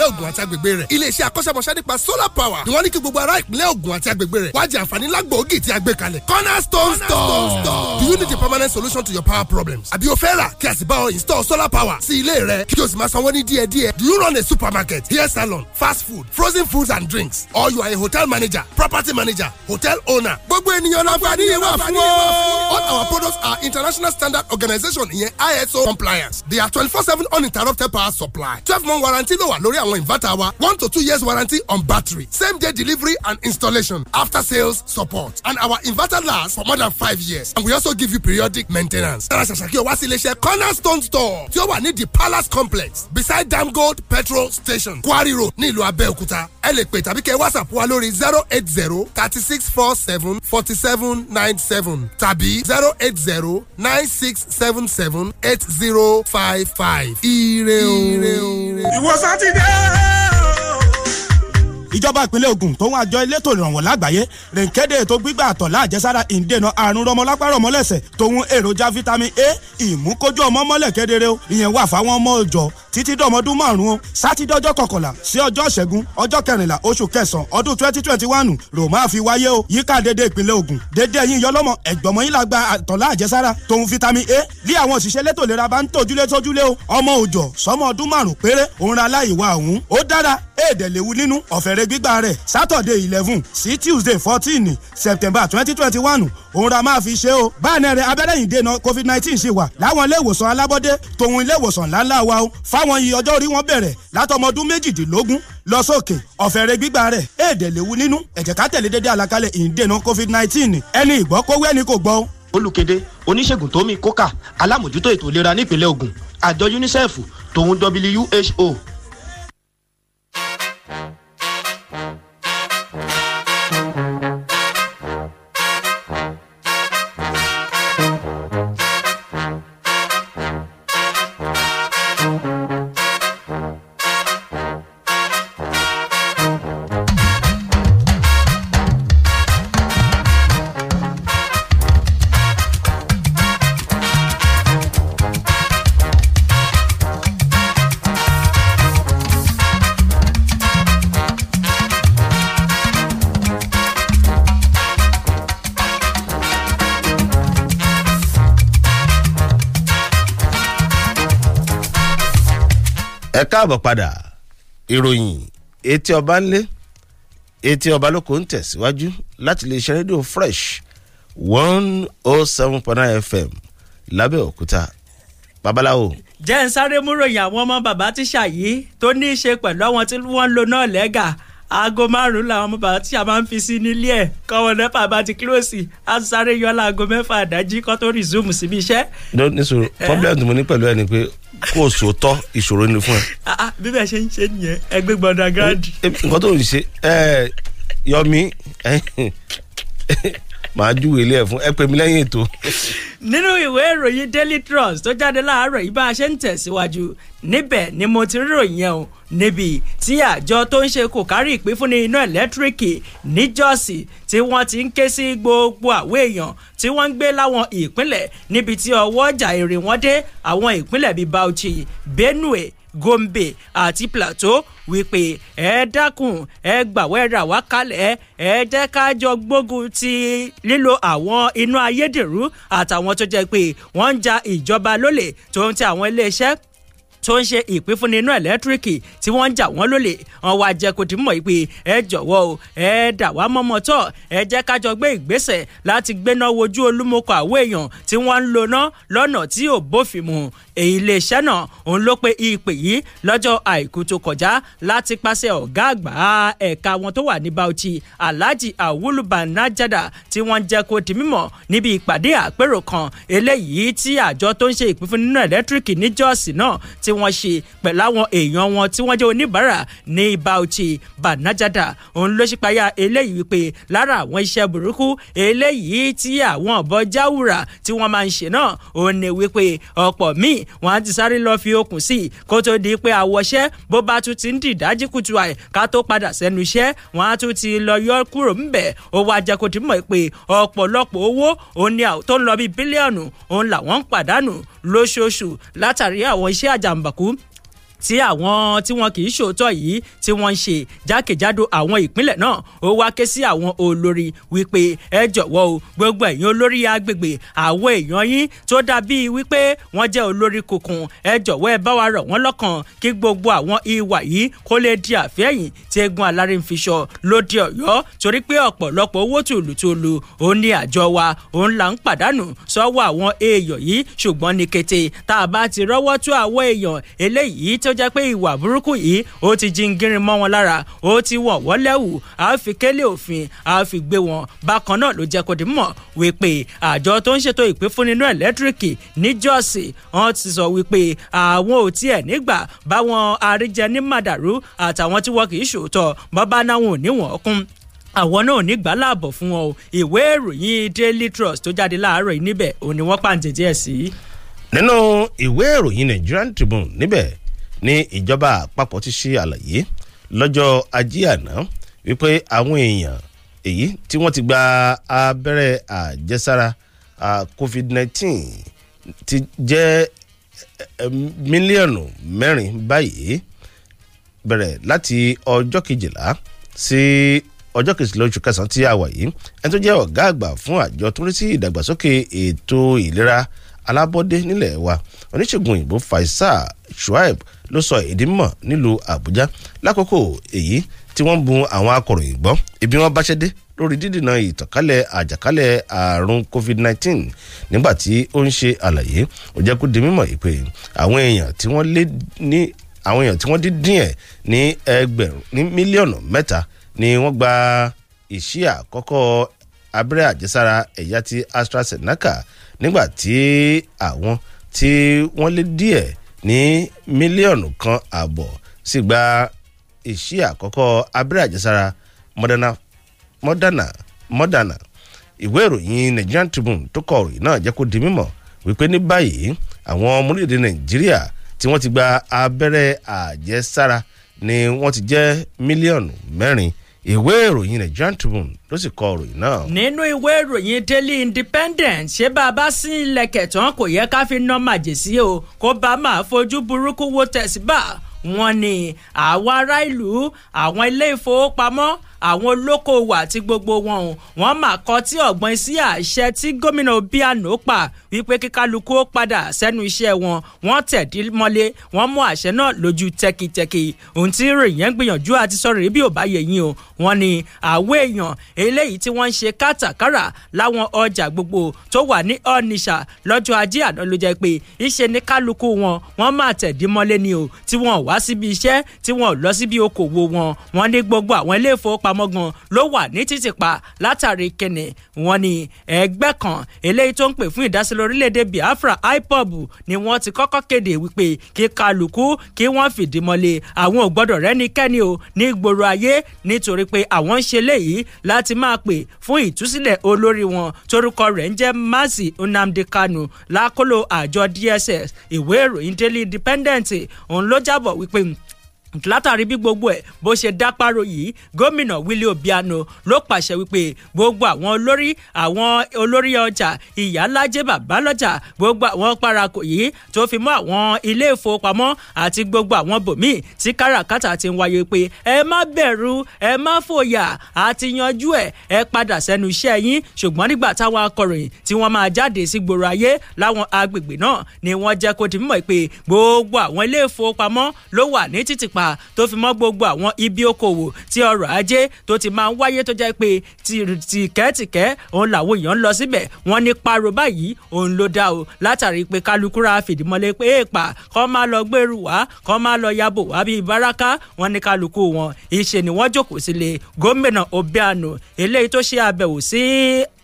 J: ìpínlẹ̀ Ògùn àti agbègbè rẹ̀ iléeṣẹ́ akọ́ṣẹ́mọṣẹ́ nípa solar power ni wọ́n ní kí gbogbo ará ìpínlẹ̀ Ògùn àti agbègbè rẹ̀ wájú àǹfààní lágbóògì tí a gbé kalẹ̀ cornerstone store do you need a permanent solution to your power problems àbí o fẹ́ rà kí a sì bá ọ install solar power sí ilé rẹ kí o sì máa sanwó ní díẹ̀díẹ̀ do you run a supermarket hair salon fast food frozen foods and drinks or you are a hotel manager property manager hotel owner gbogbo ènìyàn lọ́gbà níyẹn wà All our products are International Standard Organization ìyẹn ISO compliance. They are 24/7 uninterrupted power supply. twelve month warranty ló wà and àwọn inverter wa. one to two years warranty on battery. same day delivery and installation. after sales support. And our inverter lasts for more than five years. And we also give you periodic maintenance. Tara Ṣàṣàkí o wá sí Cornerstone store tí ó wà ní the Palace complex beside Damgold petrol station Quarry road ní ìlú Abẹ́òkúta. Ẹ lè pè tàbí kẹ́ WhatsApp wa lórí zero eight zero thirty six four seven forty seven nine seven tàbí zero eight zero nine six seven seven eight zero five five.
F: ire o. ìwọ sátidé ìjọba ìpínlẹ̀ Ògùn tó ń àjọ elétò ìrànwọ́ lágbàáyé rè kéde ètò gbígbà àtọ̀lá àjẹsára ìdènà àrùn rọmọlápárọ̀mọlẹ̀sẹ̀ tòun èròjà vitamin A ìmúkójú ọmọ mọ́lẹ̀ kedere o ìyẹn wà fáwọn ọmọ òòjọ́ títí dọ̀mọ́dún márùn-ún sátidé ọjọ́ kọkànlá sí ọjọ́ ṣẹ́gun ọjọ́ kẹrìnlá oṣù kẹsàn-án ọdún twenty twenty one ló máa fi wáyé o yíká dédé ìpínlẹ̀ Ògùn dédé ẹ̀yìn yọlọ́mọ ẹ̀gbọ́mọ yín la gba àjẹsára tòun vitamin A lé àwọn òṣìṣẹ́ létò ìlera bá ń tọ́júlé tọ́júlé o ọmọ òòjọ́ sọmọ ọdún márùn péré òun ra aláìwá òun ó dára èdè léwu gbígbà rẹ̀ Saturday eleven sí Tuesday fourteen September twenty twenty one òun ra máa fi ṣe o báàná rẹ abẹ́rẹ́ ìdènà covid nineteen ṣì wà láwọn ilé ìwòsàn alábọ́dé tòun ilé ìwòsàn ńláńlá wa o fáwọn yìí ọjọ́ orí wọn bẹ̀rẹ̀ látọmọdún méjìdínlógún lọ sókè ọ̀fẹ́rẹ́ gbígbà rẹ̀ èdè léwu nínú ẹ̀jẹ̀ ká tẹ̀lé dédé àlàkalẹ̀ ìdènà covid nineteen ẹni ìgbọ́ kówó ẹni kò gbọ́ o. olùkéde oníṣègùn tómi kókà alámòjútó ètò ìlera nípínlẹ̀ Ògùn àjọ UNICEF
B: káàbọ̀ padà ìròyìn etí ọba ńlẹ̀ etí ọba lóko ń tẹ̀síwájú láti lè ṣe rédíò fresh one oh seven point nine fm lábẹ́òkúta babaláwo.
C: jẹ́ ń sáré múròyìn àwọn ọmọ bàbá tíṣà yìí tó ní í ṣe pẹ̀lú àwọn tí wọ́n ń lo náà lẹ́gàá aago márùn-ún làwọn ọmọ bàbá tí a máa ń fi sí nílé ẹ̀ kọ́wọ́ nẹ́pà bá ti kílòsì á sáré yọ láago mẹ́fà àdájí kó tó rìzúmù síbi iṣẹ́.
B: nísòro problem tí mo ní pẹ̀lú ẹ ni pé kó o sòótọ́ ìṣòro ni fún ẹ.
C: Ah, ah, bí bẹ́ẹ̀ ṣe ń ṣe nìyẹn ẹgbẹ́ gbọ́dọ̀ gíráàdì. nǹkan
B: tó ń ṣe Yọ̀mí màá júwèé ilé ẹ̀ fún ẹ pè mí lẹ́yìn ètò.
C: nínú ìwé ìròyìn daily trust tó jáde láàárọ̀ yìí bá a ṣe ń tẹ̀síwájú níbẹ̀ ni mo ti ríròyìn ẹ̀ o níbi tí àjọ tó ń ṣe kò kárí ìpínfúnni iná ẹ̀lẹ́tíríkì níjọ́sì tí wọ́n ti ń ké sí gbogbo àwọn èèyàn tí wọ́n ń gbé láwọn ìpínlẹ̀ níbi tí ọwọ́ ọjà èrè wọn dé àwọn ìpínlẹ̀ bíi Bauchi Benue gombe àti plateau wípé ẹ dákun ẹ gbàwẹ́ra wá kalẹ̀ ẹ jẹ́ ká jọ gbógun ti lílo àwọn iná ayédèrú àtàwọn tó jẹ́ pé wọ́n ń ja ìjọba lólè tó ń ti àwọn iléeṣẹ́ tó ń ṣe ìpínfúnni inú ẹ̀lẹ́tíríkì tí wọ́n ń jà wọ́n lólè wọn wá jẹ́ kó dìímọ̀ pé ẹ jọ̀wọ́ o ẹ dà wá mọ́mọ́ tọ̀ ẹ jẹ́ ká jọ gbé ìgbésẹ̀ láti gbéná wojú olúmọkọ àwọn èèyàn tí wọ́n ń loná lọ́nà tí ò bófin mu iléeṣẹ́ náà òun ló pe ìpè yìí lọ́jọ́ àìkú tó kọjá láti pàṣẹ ọ̀gá àgbà ẹ̀ka wọn tó wà ní Bauchi Alhaji Awulu Banajada tí wọ́n jẹ́ kó di mímọ̀ níbi ìpàdé àpérò kan eléyìí tí àjọ tó ń ṣe ìpínfún nínú ẹ̀lẹ́tíríkì ní jọ́ọ̀sì náà tí wọ́n ṣe pẹ̀lú àwọn èèyàn wọn tí wọ́n jẹ́ oníbàárà ní Bauchi Banajada òun ló ṣípayá eléyìí wípé lára àwọn iṣẹ́ burúkú eléyìí tí àwọn ọ̀bọ jáwùrà tí wọn á ti sáré lọ́ọ́ fi okùn sí i kó tó di pé àwọṣẹ́ bó bá tún ti ń dìdájí kùtù àì ká tó padà sẹ́nu iṣẹ́ wọn á tún ti lọ yọ kúrò ńbẹ̀ ó wá jẹ́ kó ti mọ̀ pé ọ̀pọ̀lọpọ̀ owó òun tó ń lọ bí bílíọ̀nù òun làwọn ń pàdánù lóṣooṣù látàrí àwọn iṣẹ́ àjàǹbàkú tí àwọn tí wọn kì í ṣòótọ́ yìí tí wọ́n ń ṣe jákèjádò àwọn ìpínlẹ̀ náà ó wá ké sí àwọn olórí wípé ẹ jọ̀wọ́ o gbogbo ẹ̀yin olórí agbègbè àwọn èèyàn yín tó dàbí wípé wọ́n jẹ́ olórí kùnkùn ẹ jọ̀wọ́ ẹ bá wa rọ̀ wọ́n lọ́kàn kí gbogbo àwọn ìwà yìí kó lè di àfẹ́yìn tí egun alárí ń fi ṣọ lóde ọ̀yọ́ torí pé ọ̀pọ̀lọpọ̀ owó tùlùtùlù òun ni àjọ wa òun là ń pàdánù sọ́wọ́ àwọn èèyàn yìí ṣùgbọ́n ní kété tá a bá ti rọ́wọ́ tó àwọn èèyàn eléyìí tó ó jẹ́ pé ìwà burúkú yìí ó ti jìngírin mọ́ wọn lára ó ti wọ̀ wọ́n lẹ́wù òfin àfigbé wọn bákan náà ló jẹ́ kó di mọ̀ wípé àjọ tó ń ṣètò ìpínfúnni inú ẹ̀lẹ́tíríkì ní jọ́ọ̀sì wọ́n ti sọ wípé àwọn ò tiẹ̀ nígbà báwọn àríjẹ ní màdàrú àtàwọn tí wọn kì í ṣòótọ́ bọ́bá náà wọn ò ní wọ́n kún àwọn náà ní gbàláàbọ̀ fún wọn o ìwé ìròyìn daily trust tó jáde láàárọ̀ yìí níbẹ̀ òun wọ́n pàǹtẹ̀ díẹ̀ sí. nínú ìwé ìròyìn Nigerian Tribune níbẹ̀
B: ní ìjọba àpapọ̀ ti ṣe àlàyé lọ́jọ́ ajé àná wípé àwọn èèyàn èyí tí wọ́n ti gba abẹ́rẹ́ àjẹsára covid nineteen, ti jẹ́ mílíọ̀nù mẹ́rin báyìí bẹ̀rẹ̀ láti ọjọ́ kejìlá sí ọjọ́ kejìlá oṣù kẹsàn-án tí a wà yìí ẹni tó jẹ́ ọ̀gá àgbà fún àjọ tó ń rí sí ìdàgbàsókè ètò ìlera alábọ́dé nílẹ̀ wa oníṣègùn òyìnbó Faisal Shuaib ló sọ ìdí mọ̀ nílùú Àbújá lákòókò èyí tí wọ́n bu àwọn akọ̀ròyìn gbọ́ ibi wọn bá ṣẹ́dé lórí dídìnà ìtànkálẹ̀ àjàkálẹ̀ àrùn covid-19 nígbà tí ó ń ṣe àlàyé ó jẹ́ kó di mímọ̀ pé àwọn èèyàn tí wọ́n lé ní àwọn èèyàn tí wọ́n dín dín ẹ̀ ní ẹgbẹ̀rún ní mílíọ̀nù mẹ́ta ni wọ́n gba ìṣí àkọ́kọ́ abẹ́rẹ́ àjẹsára ẹ̀yà ti AstraZeneca nígbà tí àwọn tí wọ́n lé díẹ̀ ní mílíọ̀nù kan àbọ̀ sì gba ìṣí àkọ́kọ́ abẹ́rẹ́ àjẹsára Moderna Moderna Moderna ìwé ìròyìn Nigerian Tribune tó kọ ìròyìn náà jẹ́ kó di mímọ̀ wípé ní báyìí àwọn ọmọ Nàìjíríà tí wọ́n ti gba abẹ́rẹ́ àjẹsára ni wọ́n ti jẹ́ mílíọ̀nù mẹ́rin ìwé ìròyìn Nigerian Tribune ló sì kọ ìròyìn náà.
C: nínú ìwé ìròyìn Daily Independent ṣé bàbá sí ilẹ̀kẹ̀ tán kò yẹ ká fi ná màjèsí o kó bá máa fojú burúkú wo tẹ̀síbà wọ́n ní àwọn ará ìlú àwọn ilé ìfowópamọ́ àwọn olókoòwò àti gbogbo wọn o wọ́n mà kọ tí ọ̀gbọ́n sí àṣẹ tí gómìnà Obiano pa wípé kíkálukú ó padà sẹ́nu iṣẹ́ wọn wọ́n tẹ̀dí mọ́lé wọ́n mú àṣẹ náà lójú tẹ́kítẹ́kí ohun tí ròyìn ń gbìyànjú àti sọ̀rọ̀ rí bí ò bá yẹ yín o wọ́n ní àwọn èèyàn eléyìí tí wọ́n ń ṣe kátàkárà láwọn ọjà gbogbo tó wà ní Onitsha lọ́jọ́ ajé àná ló jẹ́ pé ìṣe ní kálukú wọn wọ́n máa tẹ̀dí mọ́lé ni o tí wọ́n wá síbi iṣẹ́ tí wọ́n lọ síbi okòwò wọn wọ́n ní gbogbo àwọn ilé pamọ́ gan ló wà ní títì pa látàrí kẹ̀nì wọn ni ẹgbẹ́ kan eléyìí tó ń pè fún ìdásílẹ̀ orílẹ̀-èdè Biafra IPOB ni wọ́n ti kọ́kọ́ kéde wípé kí kálukú kí wọ́n fìdí mọ́lé àwọn ò gbọ́dọ̀ rẹ́nikẹ́ni o ní gbòòrò ayé nítorí pé àwọn ń ṣe léyìí láti máa pè fún ìtúsílẹ̀ olórí wọn torúkọ rẹ̀ ń jẹ́ Mazi Nnamdi Kanu lákòlò àjọ DSS ìwé ìròyìn Daily Independent òun ló jábọ̀ wípé látàrí bí gbogbo ẹ bó ṣe dápárò yìí gómìnà Willie Obiano ló pàṣẹ wípé gbogbo àwọn olórí àwọn olórí ọjà ìyálájẹ bàbálọ́jà gbogbo àwọn parako yìí tó fi mọ́ àwọn ilé ìfowópamọ́ àti gbogbo àwọn bòmíì tí káràkátà ti ń wáyé pé ẹ má bẹ̀rù ẹ má fòyà àti yanjú ẹ ẹ padà sẹ́nu iṣẹ́ yín ṣùgbọ́n nígbà táwọn akọ̀ròyìn tí wọ́n máa jáde sí gbòòrò ayé láwọn agbègbè náà ni wọ́n jẹ́ kó di mímọ̀ pé gbogbo àwọn ilé ìfowópamọ́ pa tó fi mọ́ gbogbo àwọn ibi okòwò tí ọrọ̀ ajé tó ti máa ń wáyé tó jẹ́ pé tìkẹ́tìkẹ́ òun làwọn èèyàn ń lọ síbẹ̀ wọ́n ní paro báyìí òun ló dá o látàrí pé kálukúra fìdímọ́lé pé èèpà kọ́ máa lọ gbèrú wá kọ́ máa lọ yabo wá bíi baraka wọ́n ní kálukú wọn ìṣe ni wọ́n jókòó sílé gómìnà Obiano eléyìí tó ṣe àbẹ̀wò sí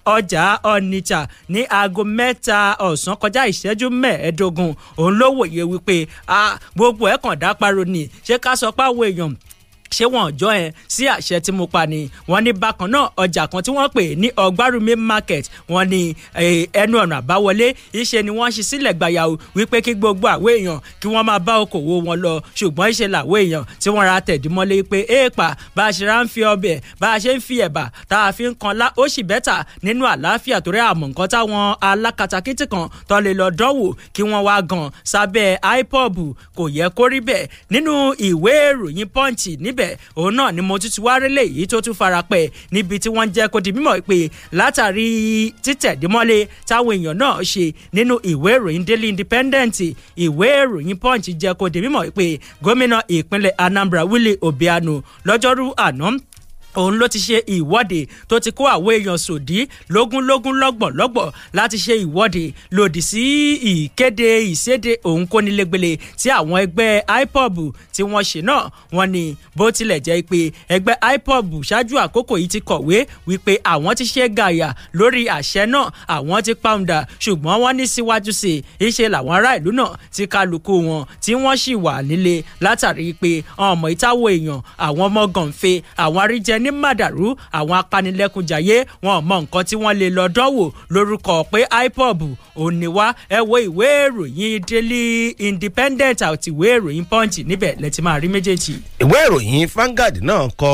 C: ọjà Onitsha ní aago mẹ́ta ọ̀sán kọjá ìṣẹ́jú mẹ́ẹ̀ẹ́dógún òun ló wòye wípé ah, gbogbo ẹ̀ kàn dá paro ni ṣé ká sọ pé èèyàn ṣé wọn jọ ẹ sí àṣẹ tí mo pa ni wọn ní bákan náà ọjà kan tí wọn pè ní ọgbárùmí market wọn ní ẹnu ọ̀nà àbáwọlé iṣẹ́ ni wọ́n ṣe sílẹ̀ gbayàwó wípé kí gbogbo àwọn èèyàn kí wọ́n máa bá okòwò wọn lọ ṣùgbọ́n iṣẹ́ làwọn èèyàn tí wọ́n ra tẹ̀dímọ́lé pé èèpà bá a ṣe ra ń fi ọbẹ̀ bá a ṣe ń fi ẹ̀bà tá a fi ń kan lá ó sì bẹ́tà nínú àlàáfíà torí níbẹ̀ òun náà ni mo tún ti wá rélẹ̀ yìí tó tún fara pẹ́ níbi tí wọ́n jẹ́ kó di mímọ̀ pé látàrí títẹ̀dímọ́lé táwọn èèyàn náà ṣe nínú ìwé ìròyìn Daily Independent ìwé ìròyìn Punch jẹ́ kó di mímọ̀ pé gómìnà ìpínlẹ̀ Anambra Willie Obiano lọ́jọ́rú àná òun ló ti ṣe ìwọ́de tó ti kó àwọn èèyàn sòdí lógúnlógún lọ́gbọ̀lọ́gbọ̀ láti ṣe ìwọ́de lòdì sí ìkéde ìséde òun kónílégbélé tí àwọn ẹgbẹ́ ipob tí wọ́n ṣe náà wọ́n ní bó tilẹ̀ jẹ́ pé ẹgbẹ́ ipob ṣáájú àkókò yìí ti kọ̀wé wípé àwọn ti ṣe gàyà lórí àṣẹ náà àwọn ti pàǹdà ṣùgbọ́n wọ́n ní síwájú sí i ṣe làwọn ará ìlú náà ti kálukú wọn tí wọ́n sì wà nílé látàrí pé ọmọ ìtàwọ̀ èèyàn àwọn ọmọ gànfẹ́ àwọn aríjẹni ní màdàrú àwọn apanilẹ́kúnjayé wọn ò mọ nǹkan tí wọ́n lè lọ dánwò lórúkọ pé ipob òní wá ẹ wo ìwé ìròyìn daily independent àti ìwé ìròyìn punch níbẹ̀ lẹ ti máa rí méjèèjì.
B: ìwé ìròyìn Vanguard náà kọ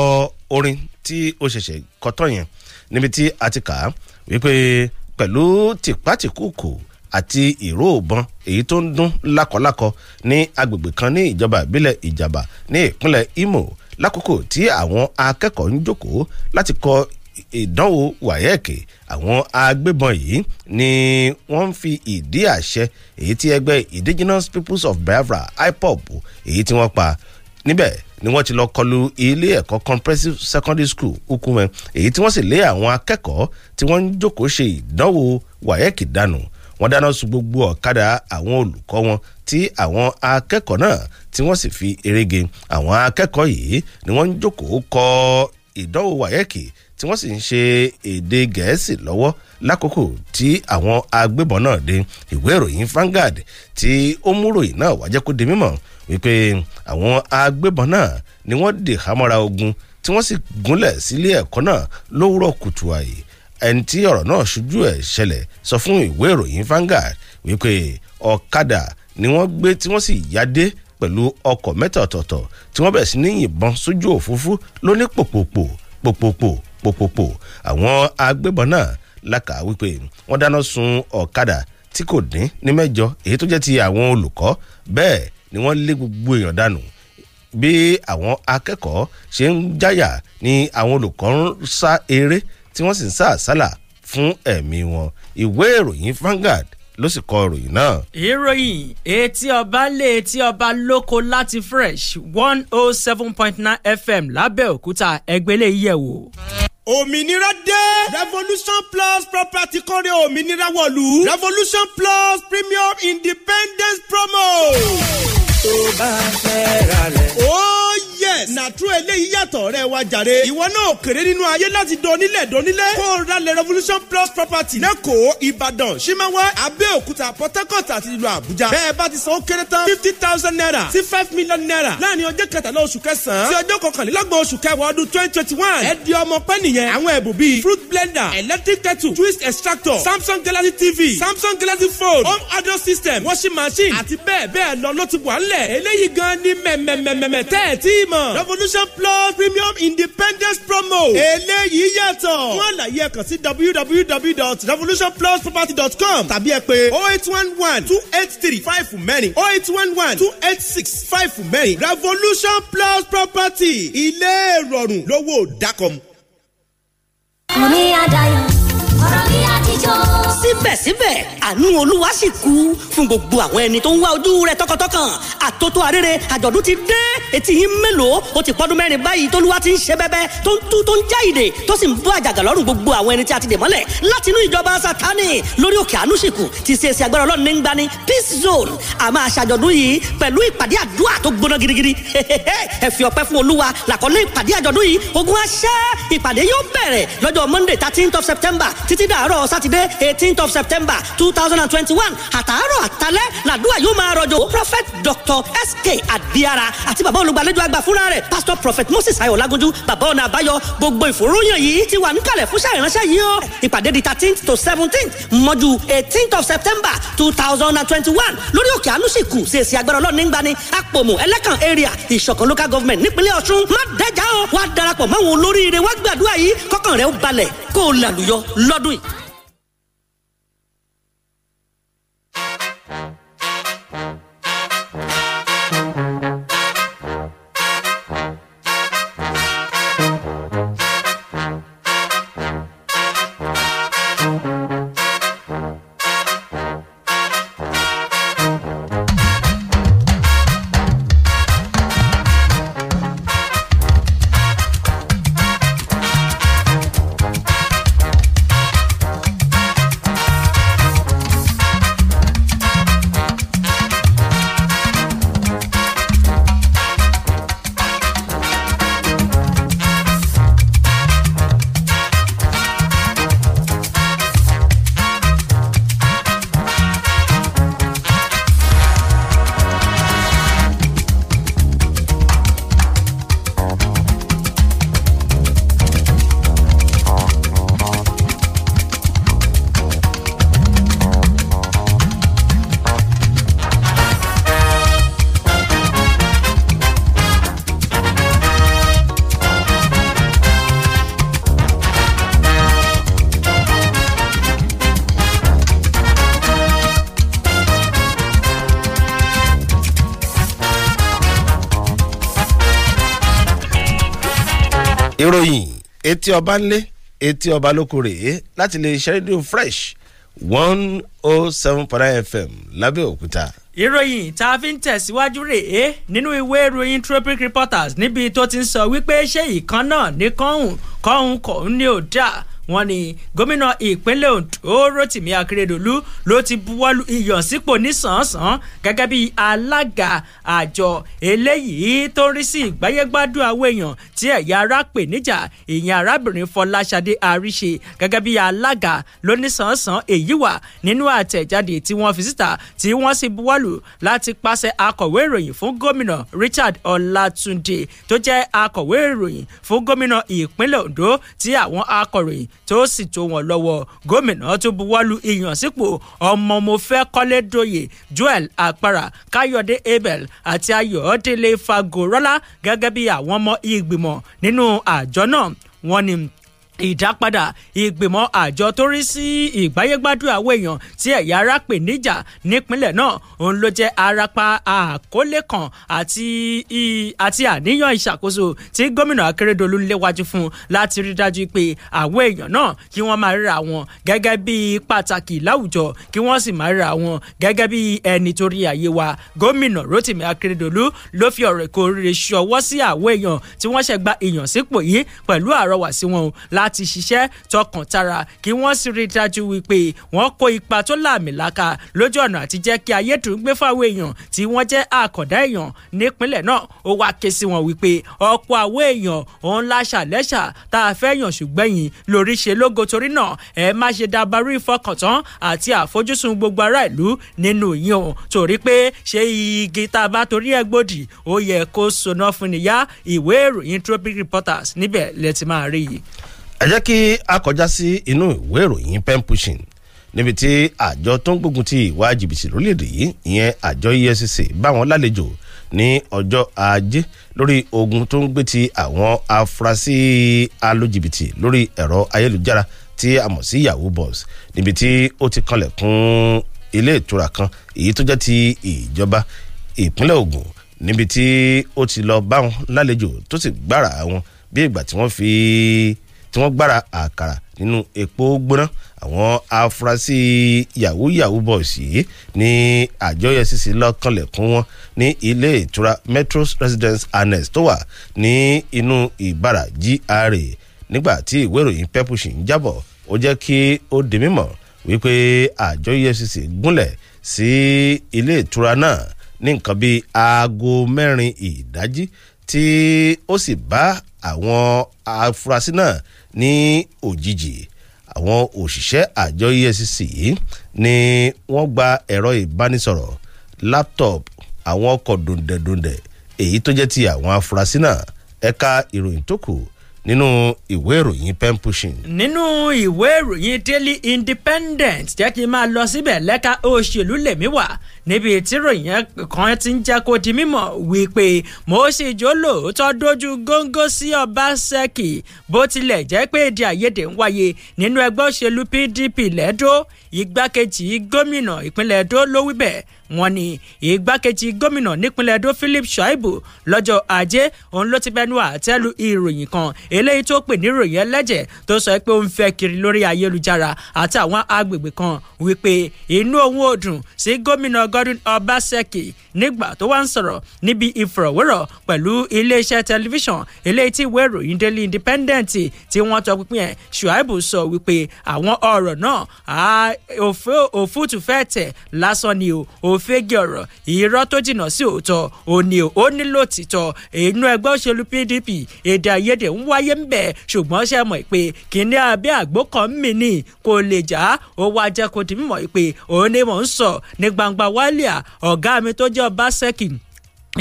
B: orin tí ó ṣẹ̀ṣẹ̀ kọtọ́ yẹn níbi tí a ti kà á wípé pẹ̀lú tìpátìkùkù àti ìró òbọn èyí tó ń dún lákọlákọ ní agbègbè kan ní ìjọba ìbílẹ̀ ìjàmbá ní ìpínlẹ̀ Imo lákòókò tí àwọn akẹ́kọ̀ọ́ ń jókòó láti kọ ìdánwò wáyẹ́ẹ̀kì àwọn agbébọn yìí ni wọ́n ń fi ìdí àṣẹ èyí tí ẹgbẹ́ indigenous peoples of biafra ipob èyí tí wọ́n pa níbẹ̀ ni wọ́n ti lọ kọlu ilé ẹ̀kọ́ comprehensive secondary school Ukume èyí tí wọ́n sì lé àwọn akẹ́kọ̀ọ́ tí wọ́n ń jókòó ṣe ìdánwò wáyẹ́ẹ̀kì dànù wọ́n dáná sun gbogbo ọ̀kadà àwọn olùkọ́ wọn tí àwọn akẹ́kọ̀ọ́ náà tí wọ́n sì fi erege àwọn akẹ́kọ̀ọ́ yìí ni wọ́n ń jókòó kọ ìdánwò wáyẹ́kì tí wọ́n sì ń ṣe èdè gẹ̀ẹ́sì lọ́wọ́ lákòókò tí àwọn agbébọn náà dé ìwé ìròyìn Vanguard tí ó mú ròyìn náà wá kó di mímọ̀ wípé àwọn agbébọn náà ni wọ́n dè hámọ́ra ogun tí wọ́n sì gúnlẹ̀ sílé ẹ̀kọ́ náà lówùrọ̀ kùtù àyè ẹni tí ọ̀rọ̀ náà ṣojú ẹ̀ ṣẹlẹ̀ sọ fún ìwé ìròyìn Vanguard wípé ọ̀kadà ni wọ́n gbé tí wọ́n sì yáde pẹ̀lú ọkọ̀ mẹ́ta ọ̀tọ̀ọ̀tọ̀ tí wọ́n bẹ̀rẹ̀ sí ní yìnbọn sójú òfúrufú lóní pòpòpò pòpòpò pòpòpò àwọn agbébọn náà lákà wípé wọ́n dáná sun ọ̀kadà tí kò dín ní mẹ́jọ èyí tó jẹ́ ti àwọn olùkọ́ bẹ́ẹ̀ ni wọ́n lé gbogbo èèyàn dànù bí àwọn akẹ́kọ̀ọ́ ṣe ń jáyà ni àwọn olùkọ́ ń sá eré tí wọ́n sì ń sá àsálà fún ẹ̀mí wọn ìwé ìròyìn Vanguard ló sì kọ ìròyìn náà.
C: ìròyìn etí ọba lé etí ọba lóko láti fresh one oh seven point nine fm lábẹ́òkúta ẹgbẹ́lẹ́ yẹ̀wò. Òmìnira dé! Revolution Plus property kọ́rẹ́ òmìnira wọ̀lú.
F: Revolution Plus premium independence promo. Tó bá fẹ́ ra lẹ̀. Ó yes na true eléyìí yàtọ̀ rẹ̀ wá jàre. ìwọ náà kéré nínú ayé láti dónílẹ̀ dónílẹ̀. kó o ralẹ̀ revolution plus property lẹ́kọ̀ọ́ ìbàdàn ṣímáwá abẹ́òkúta port harcourt àti ìlú àbújá. bẹ́ẹ̀ bá ti san ó kéré tán fifty thousand naira sí five million naira láàrin ọjọ́ kẹtàlá oṣù kẹsàn-án sí ọjọ́ kọkànlélọ́gbọ̀n oṣù kẹwàá ọdún twenty twenty one. ẹ di ọmọ pẹ́ nìyẹn àwọn ẹ̀bùn bíi fruit blender electric kettle twist extractor samsung galaxy tv samsung galaxy phone home audio system washing machine àti bẹ́ẹ̀ bẹ́ẹ̀ lọ ló ti wà ńlẹ̀ eléyìí gan ni mẹ́mẹ́mẹ́mẹ́ tẹ́ ẹ̀ tí mọ̀ promotion. revolution plus premium independence promo. eléyìí yàtọ̀. fún àlàyé ẹ kàn sí www.revolutionplusproperty.com tàbí ẹ pé oh eight one one two eight three five fún mẹ́rin oh eight one one two eight six five fún mẹ́rin revolution plus property ilé ìrọ̀rùn lówó dákọ̀mù.
E: mo ní àdáyọ̀ ọ̀rọ̀ mi àtijọ́ síbẹ̀síbẹ̀ àánú olúwa sì kú fún gbogbo àwọn ẹni tó ń wá ojú rẹ tọkàntọkàn àtótó arére àjọ̀dún ti dé etí yín mélòó ó ti pọ́dún mẹ́rin báyìí tólúwa ti ń ṣe bẹ́bẹ́ tó ń tú tó ń já ìdè tó sì ń bọ́ àjàgà lọ́rùn gbogbo àwọn ẹni tí a ti dè mọ́lẹ̀ látinú ìjọba sátani lórí òkè àánú ti ṣe èsì agbára ọlọ́run ní gbani peace zone àmọ́ àṣàjọ̀dún yìí pẹ̀lú ìpàdé àdúrà tó gbóná gidigidi ẹ fi ọpẹ́ fún olúwa làkọ́lé ìpàdé àjọ̀dún yìí ogun àṣẹ ìpàdé yóò bẹ̀rẹ̀ lọ́jọ́ monday thirteenth of september títí dàárọ̀ sátidé eighteenth of september two thousand and twenty-one àtàárọ̀ àtàlẹ́ làdúrà yóò máa rọ̀jò prophet dr sk adiara àti bàbá olùgbàlejò àgbà fúnra rẹ̀ pastor prophet moses ayọ̀ lágúnjú bàbá ọ̀nà àbáyọ gbogbo ìfòròyìn yìí ti wà níkàlẹ̀ fúnṣẹ́ ìránṣẹ́ yìí o ìpàdé di thirteenth to seventeenth mọ́jú eighteenth of september two thousand and twenty-one lórí òkè anúṣìkù ṣèṣì agbára ọlọ́ọ̀ni ń gbani àpòmù ẹlẹ́kàn area ìṣọ̀kan local government nípínlẹ̀ ọ̀ṣun má dẹ́jà o wá darapọ̀ máwọn olóríire wá gbàdúrà yìí kọ́kàn rẹ̀ ó balẹ̀ kó o làlùyọ lọ́dún yìí.
B: etí ọba ńlé etí ọba lóko rèé láti lè ṣe rédíò fresh one oh seven point nine fm lábẹ́òkúta
C: ìròyìn tá a fi ń tẹ̀síwájú rèé nínú ìwé ìròyìn tropic reporters níbi tó ti ń sọ wípé ṣé ìkan náà ní kọ́hún kọ́hún kọ́hún ni ò dáa wọ́n ní gómìnà ìpínlẹ̀ Ondo Rotimi Akeredolu ló ti buwọ́lu ìyànsípò nísànsán gẹ́gẹ́ bí alága àjọ eléyìí tó ń rí sí ìgbáyégbádùn àwọn èèyàn tí ẹ̀yà ara pè níjà ìyẹn arábìnrin Fọláṣadé Àríṣe gẹ́gẹ́ bí alága ló nísànsán èyí wà nínú àtẹ̀jáde tí wọ́n fi síta tí wọ́n sì buwọ́lu láti pàṣẹ akọ̀wé ìròyìn fún gómìnà Richard Ọlátúndé tó jẹ́ akọ̀wé ìròyìn fún gómìnà ìpínlẹ̀ Ondo tí àwọn akọ̀ròyìn tó sì tó wọn lọ́wọ́ gómìnà tó buwọ́lu ìyànsípò ọmọ mo fẹ́ kọ́lédòyè joel àpárá káyọ̀dé abel àti ayọ̀délé fagorọ́lá gẹ́gẹ́ bí àwọn ọmọ ìgbìmọ̀ nínú àjọ náà wọ́n ní ìdápadà ìgbìmọ̀ àjọ tó rí sí ìgbáyégbádùn àwọn èèyàn tí ẹ̀yà ara pè níjà nípínlẹ̀ náà òun ló jẹ́ arapa àkọlé kan àti àti àníyàn ìṣàkóso tí gómìnà akérèdọ́lù ń léwájú fún láti rí dájú pé àwọn èèyàn náà kí wọ́n máa ríra wọn gẹ́gẹ́ bí pàtàkì láwùjọ kí wọ́n sì máa ríra wọn gẹ́gẹ́ bí ẹni tó rí àyè wa gómìnà rotimi akérèdọ́lù ló fi ọ̀rọ̀ ìkórè ṣọwọ́ sí àwọn èèyàn tí wọ́n ṣẹ̀ gba ìyànsípò yìí pẹ̀lú àrọwà sí wọn láti láti ṣiṣẹ́ tọkàntara kí wọ́n sì rí i dájú wípé wọ́n kó ipa tó láàmìlaka lójú ọ̀nà àti kí ayédùn fáwọn èèyàn tí wọ́n jẹ́ àkàndá èèyàn nípínlẹ̀ náà ó wá ké sí wọn wípé ọ̀pọ̀ àwọn èèyàn òun láṣà lẹ́ṣà tá a fẹ́ yàn ṣùgbẹ́yìn lórí ṣe lógo torí náà ẹ má ṣe dabarú ìfọkàntán àti àfojúsùn gbogbo ará ìlú nínú yín o torí pé ṣé igi tá a bá torí ẹ gbòdì ó yẹ kó soná fún níyà ìwé ìròyìn tropic reporters níbẹ̀ lẹ ti máa rí yìí
B: ẹ jẹ́ kí a kọjá sí inú ìwé ìròyìn pen pushing níbi tí àjọ tó ń gbógun ti ìwà jìbìtì lórílẹ̀‐èdè yìí ìyẹn àjọ EFCC bá wọn lálejò ní ọjọ́ ajé lórí ogun tó ń gbé ti àwọn afurasí alójìbìtì lórí ẹ̀rọ ayélujára tí a mọ̀ sí yahoo boss níbi tí ó ti kanlẹ̀kùn ilé ìtura kan èyí tó jẹ́ ti ìjọba ìpínlẹ̀ Ògùn níbi tí ó ti lọ bá wọn lálejò tó sì gbára wọn bí ìgbà tí wọ́n fi tí wọ́n gbára àkàrà nínú epo gbóná àwọn afurasí yahoo yahoo boys yìí ní àjọ EFCC lọ́kànlẹ̀kùn wọn ní ilé ìtura Metro Residence Annex tó wà ní inú Ìbàrà GRA nígbà tí ìwé ìròyìn pepushi ń jábọ̀ ó jẹ́ kí ó di mímọ̀ wípé àjọ EFCC gúnlẹ̀ sí ilé ìtura náà ní nǹkan bíi aago mẹ́rin ìdájí tí ó sì bá àwọn afurasí náà ní òjijì àwọn òṣìṣẹ́ àjọ EFCC ni wọ́n gba ẹ̀rọ ìbánisọ̀rọ̀ laptop àwọn ọkọ̀ dòǹdẹ̀dòǹdẹ̀ èyí tó jẹ́ ti àwọn afurasí náà ẹ̀ka ìròyìn tó kù nínú ìwé ìròyìn pen pushing.
C: nínú ìwé ìròyìn daily independent jẹ́ kí n máa lọ síbẹ̀ lẹ́ka òṣèlú lèmi wà níbi ìtìròyìn kan ti ń jẹ́ kó di mímọ̀ wípé Mósì Jólóòtọ́ dojú góńgó sí Ọbaṣẹ́kì bó tilẹ̀ jẹ́ pé èdè àìyedè ń wáyé nínú ẹgbẹ́ òṣèlú PDP lẹ́dọ́ igbákejì gómìnà ìpínlẹ̀ Ẹdó ló wí bẹ́ẹ̀ wọ́n ní ìgbákejì gómìnà nípínlẹ̀ Edo Philip Shaibu lọ́jọ́ ajé òun ló ti bẹnu àtẹ́lu ìròyìn kan eléyìí tó pè ní ìròyìn ẹlẹ́jẹ̀ tó sọ pé òun fẹ́ kiri lórí ayélujára àti àwọn agbègbè kan wípé inú òun ò dùn sí gómìnà Godwin Obaseki nígbà tó wá ń sọ̀rọ̀ níbi ìfọ̀rọ̀wérọ̀ pẹ̀lú iléeṣẹ́ tẹlifíṣàn eléyìí tí ìwé ìròyìn Daily Independent tí wọ́n tọpinpin ẹ̀ Shuaibu sọ wípé àwọn ọ̀rọ̀ náà òfútùfẹ́ tẹ̀ lásán ni o mo fẹ́gẹ̀ ọ̀rọ̀ irọ́ tó jìnnà sí òótọ́ òní ó nílò títọ́ inú ẹgbẹ́ òṣèlú pdp èdè àìyedè ń wáyé ń bẹ̀ ṣùgbọ́n ṣe mọ̀ pé kíní abẹ́ àgbó kan mì ní kò lè já ó wá jẹ́ kó di mímọ̀ pé òun ni mò ń sọ ní gbangba wálíà ọ̀gá mi tó jẹ́ ọbaṣẹ́kì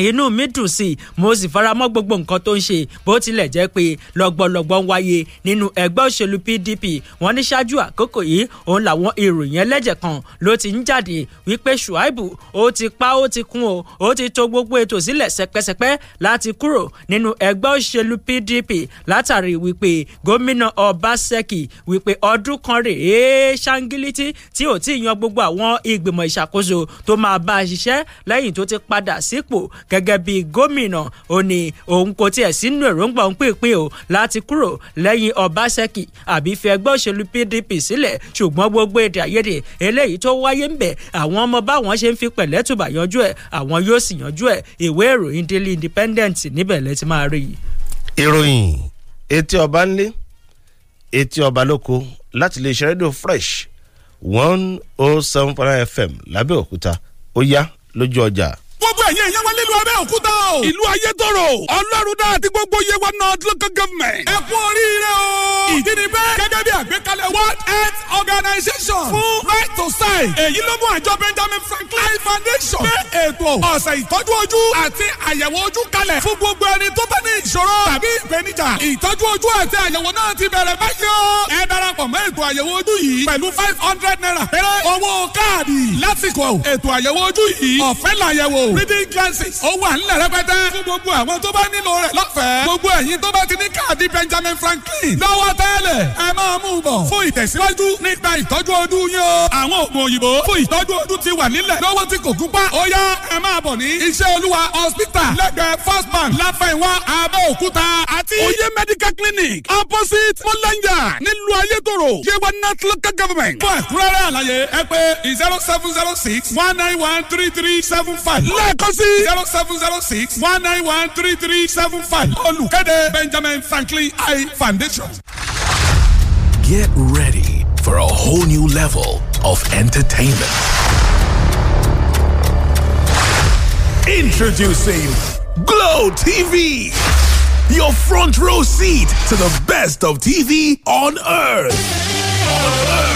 C: inú mi dùn sí i mo sì faramọ́ gbogbo nǹkan tó ń ṣe bó tilẹ̀ jẹ́ pé lọ́gbọ̀lọ́gbọ̀ ń wáyé nínú ẹgbẹ́ òṣèlú pdp wọ́n ní ṣáájú àkókò yìí òun làwọn ìròyìn ẹlẹ́jẹ̀ kan ló ti ń jáde wípé ṣùáìbù ó ti pa ó ti kún o ó ti tò gbogbo ètò sílẹ̀ sẹpẹsẹpẹ láti kúrò nínú ẹgbẹ́ òṣèlú pdp látàrí wípé gómìnà ọbaṣẹ́kì wípé ọdún kan rèé ṣáńgílítì tí ò tí ì yan gbogbo àwọn ìgbìmọ̀ ìṣàkóso tó máa bá a gẹ́gẹ́ bí gómìnà ó ní òun kò tiẹ̀ sínú èròǹgbà òun pínpín o láti kúrò lẹ́yìn ọbaṣẹ́kì àbí fi ẹgbẹ́ òṣèlú pdp sílẹ̀ ṣùgbọ́n gbogbo èdè àìyedè eléyìí tó wáyé ń bẹ̀ àwọn ọmọ báwọn ṣe ń fi pẹ̀lẹ́tùbà yanjú ẹ̀ àwọn yóò sì yanjú ẹ̀ ìwé ìròyìn daily independent níbẹ̀ lẹ́ ti máa rí i. ìròyìn etí ọba ńlé
B: etí ọba lóko láti lè rédíò fresh one oh seven point fm lábẹ́òkúta ó yá lójú ọjà
I: gbogbo ẹ̀yẹ ìyẹn wá nílùú Abẹ́òkúta o. ìlú ayétòrò ọlọ́run náà àti gbogbo yewa north local government. ẹ kú oríire o. ìdí ni bẹ́ẹ̀ gẹ́gẹ́ bí àgbékalẹ̀ world health organization fún right to sign. èyí ló mú àjọ benjamin franklin foundation gbé ètò ọ̀sẹ̀ ìtọ́jú ojú àti àyẹ̀wò ojú kalẹ̀ fún gbogbo ẹni tó bá ní ìṣòro tàbí ìpèníjà. ìtọ́jú ojú àti àyẹ̀wò náà ti bẹ̀rẹ̀ báyìí o. ẹ darapọ̀ mọ́ ètò àyẹ̀wò ojú yìí pẹ̀lú five hundred naira péré owó káàdì lásìkò ètò àyẹ̀wò ojú yìí ọ̀fẹ́ làyẹ̀wò o. reading glasses. ó wà nílẹ̀ rẹpẹtẹ. fún gbogbo àwọn tó bá nílò rẹ̀ lọ́fẹ̀ẹ́. gbogbo ẹ̀yin tó bá ti ní káàdì Benjamin Franklin. lọ́wọ́ tẹ́lẹ̀ ẹ máa mú un bọ̀. fún ìtẹ̀síwájú nípa ìtọ́jú ojú yín o. àwọn oògùn òyìnbó fún ìtọ́jú ojú ti wà nílẹ̀. lọ́wọ́ tí kò gúnpá. ó yá ẹ máa bọ̀ ní. iṣẹ́ olúwa hospital lẹ́gbẹ̀ẹ́ first bank láfẹ̀wá Abẹ́òkúta àti. oyè medical clinic opposite mọ́lẹ́njà nílùú ayétòrò yewa north local government. fún ẹ̀kúrẹ́rẹ́ àlàyé ẹ pé zero seven zero six one nine one three three seven five. lẹ́ẹ̀kan sí. zero seven zero six one nine one three three seven five olùkéde Benjamin Franklin I Foundation.
G: Get ready for a whole new level of entertainment. Introducing Glow TV, your front row seat to the best of TV On earth. On earth.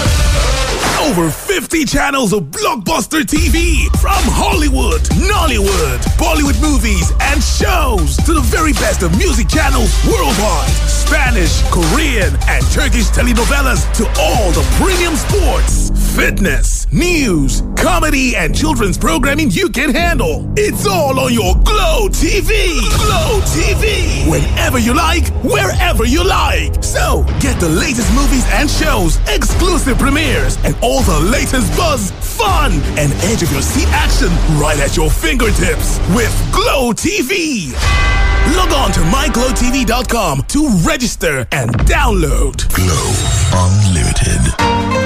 G: Over 50 channels of blockbuster TV from Hollywood, Nollywood, Bollywood movies, and shows to the very best of music channels worldwide. Spanish, Korean, and Turkish telenovelas to all the premium sports fitness, news, comedy, and children's programming you can handle. It's all on your Glow TV. Glow TV. Whenever you like, wherever you like. So get the latest movies and shows, exclusive premieres, and all the latest buzz, fun, and edge of your seat action right at your fingertips with Glow TV. Log on to myglowtv.com to register and download Glow Unlimited.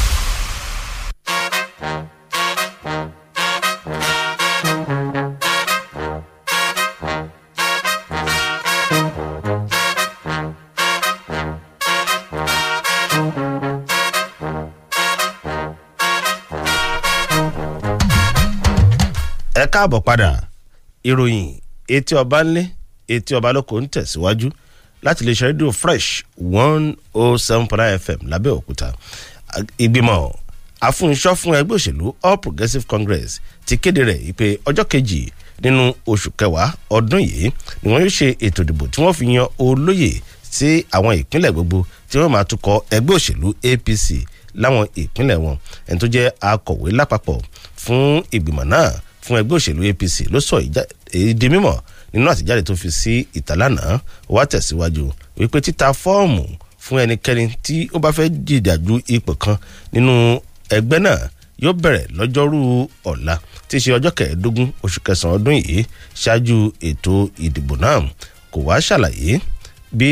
B: káàbọ̀ padà ìròyìn etí ọba ńlẹ̀ etí ọba lóko ń tẹ̀síwájú láti lè ṣe rédíò fresh one oh seven point nine fm lábẹ́òkúta ìgbìmọ̀ afúnṣọ́fún ẹgbẹ́ òṣèlú all progressives congress ti kéde rẹ̀ ìpè ọjọ́ kejì nínú oṣù kẹwàá ọdún yìí ni wọ́n yóò ṣe ètò ìdìbò tí wọ́n fi yan olóyè sí àwọn ìpínlẹ̀ gbogbo tí wọ́n máa tukọ̀ ẹgbẹ́ òṣèlú apc láwọn ìpínlẹ̀ wọn ẹni tó jẹ́ akọ̀wé lápapọ̀ fún ìgbìmọ̀ náà fún ẹgbẹ́ òṣèlú APC ló sọ èyí di mímọ̀ nínú àtijáde tó fi sí ìta lánàá wá tẹ̀síwájú wípé títa fọ́ọ̀mù fún ẹnikẹ́ni tí ó bá fẹ́ jìjàjú ipò kan nínú ẹgbẹ́ náà yóò bẹ̀rẹ̀ lọ́jọ́rú ọ̀la tí í ṣe ọjọ́ kẹẹ̀ẹ́dógún oṣù kẹsàn-án ọdún yìí ṣáájú ètò ìdìbò náà kò wá ṣàlàyé bí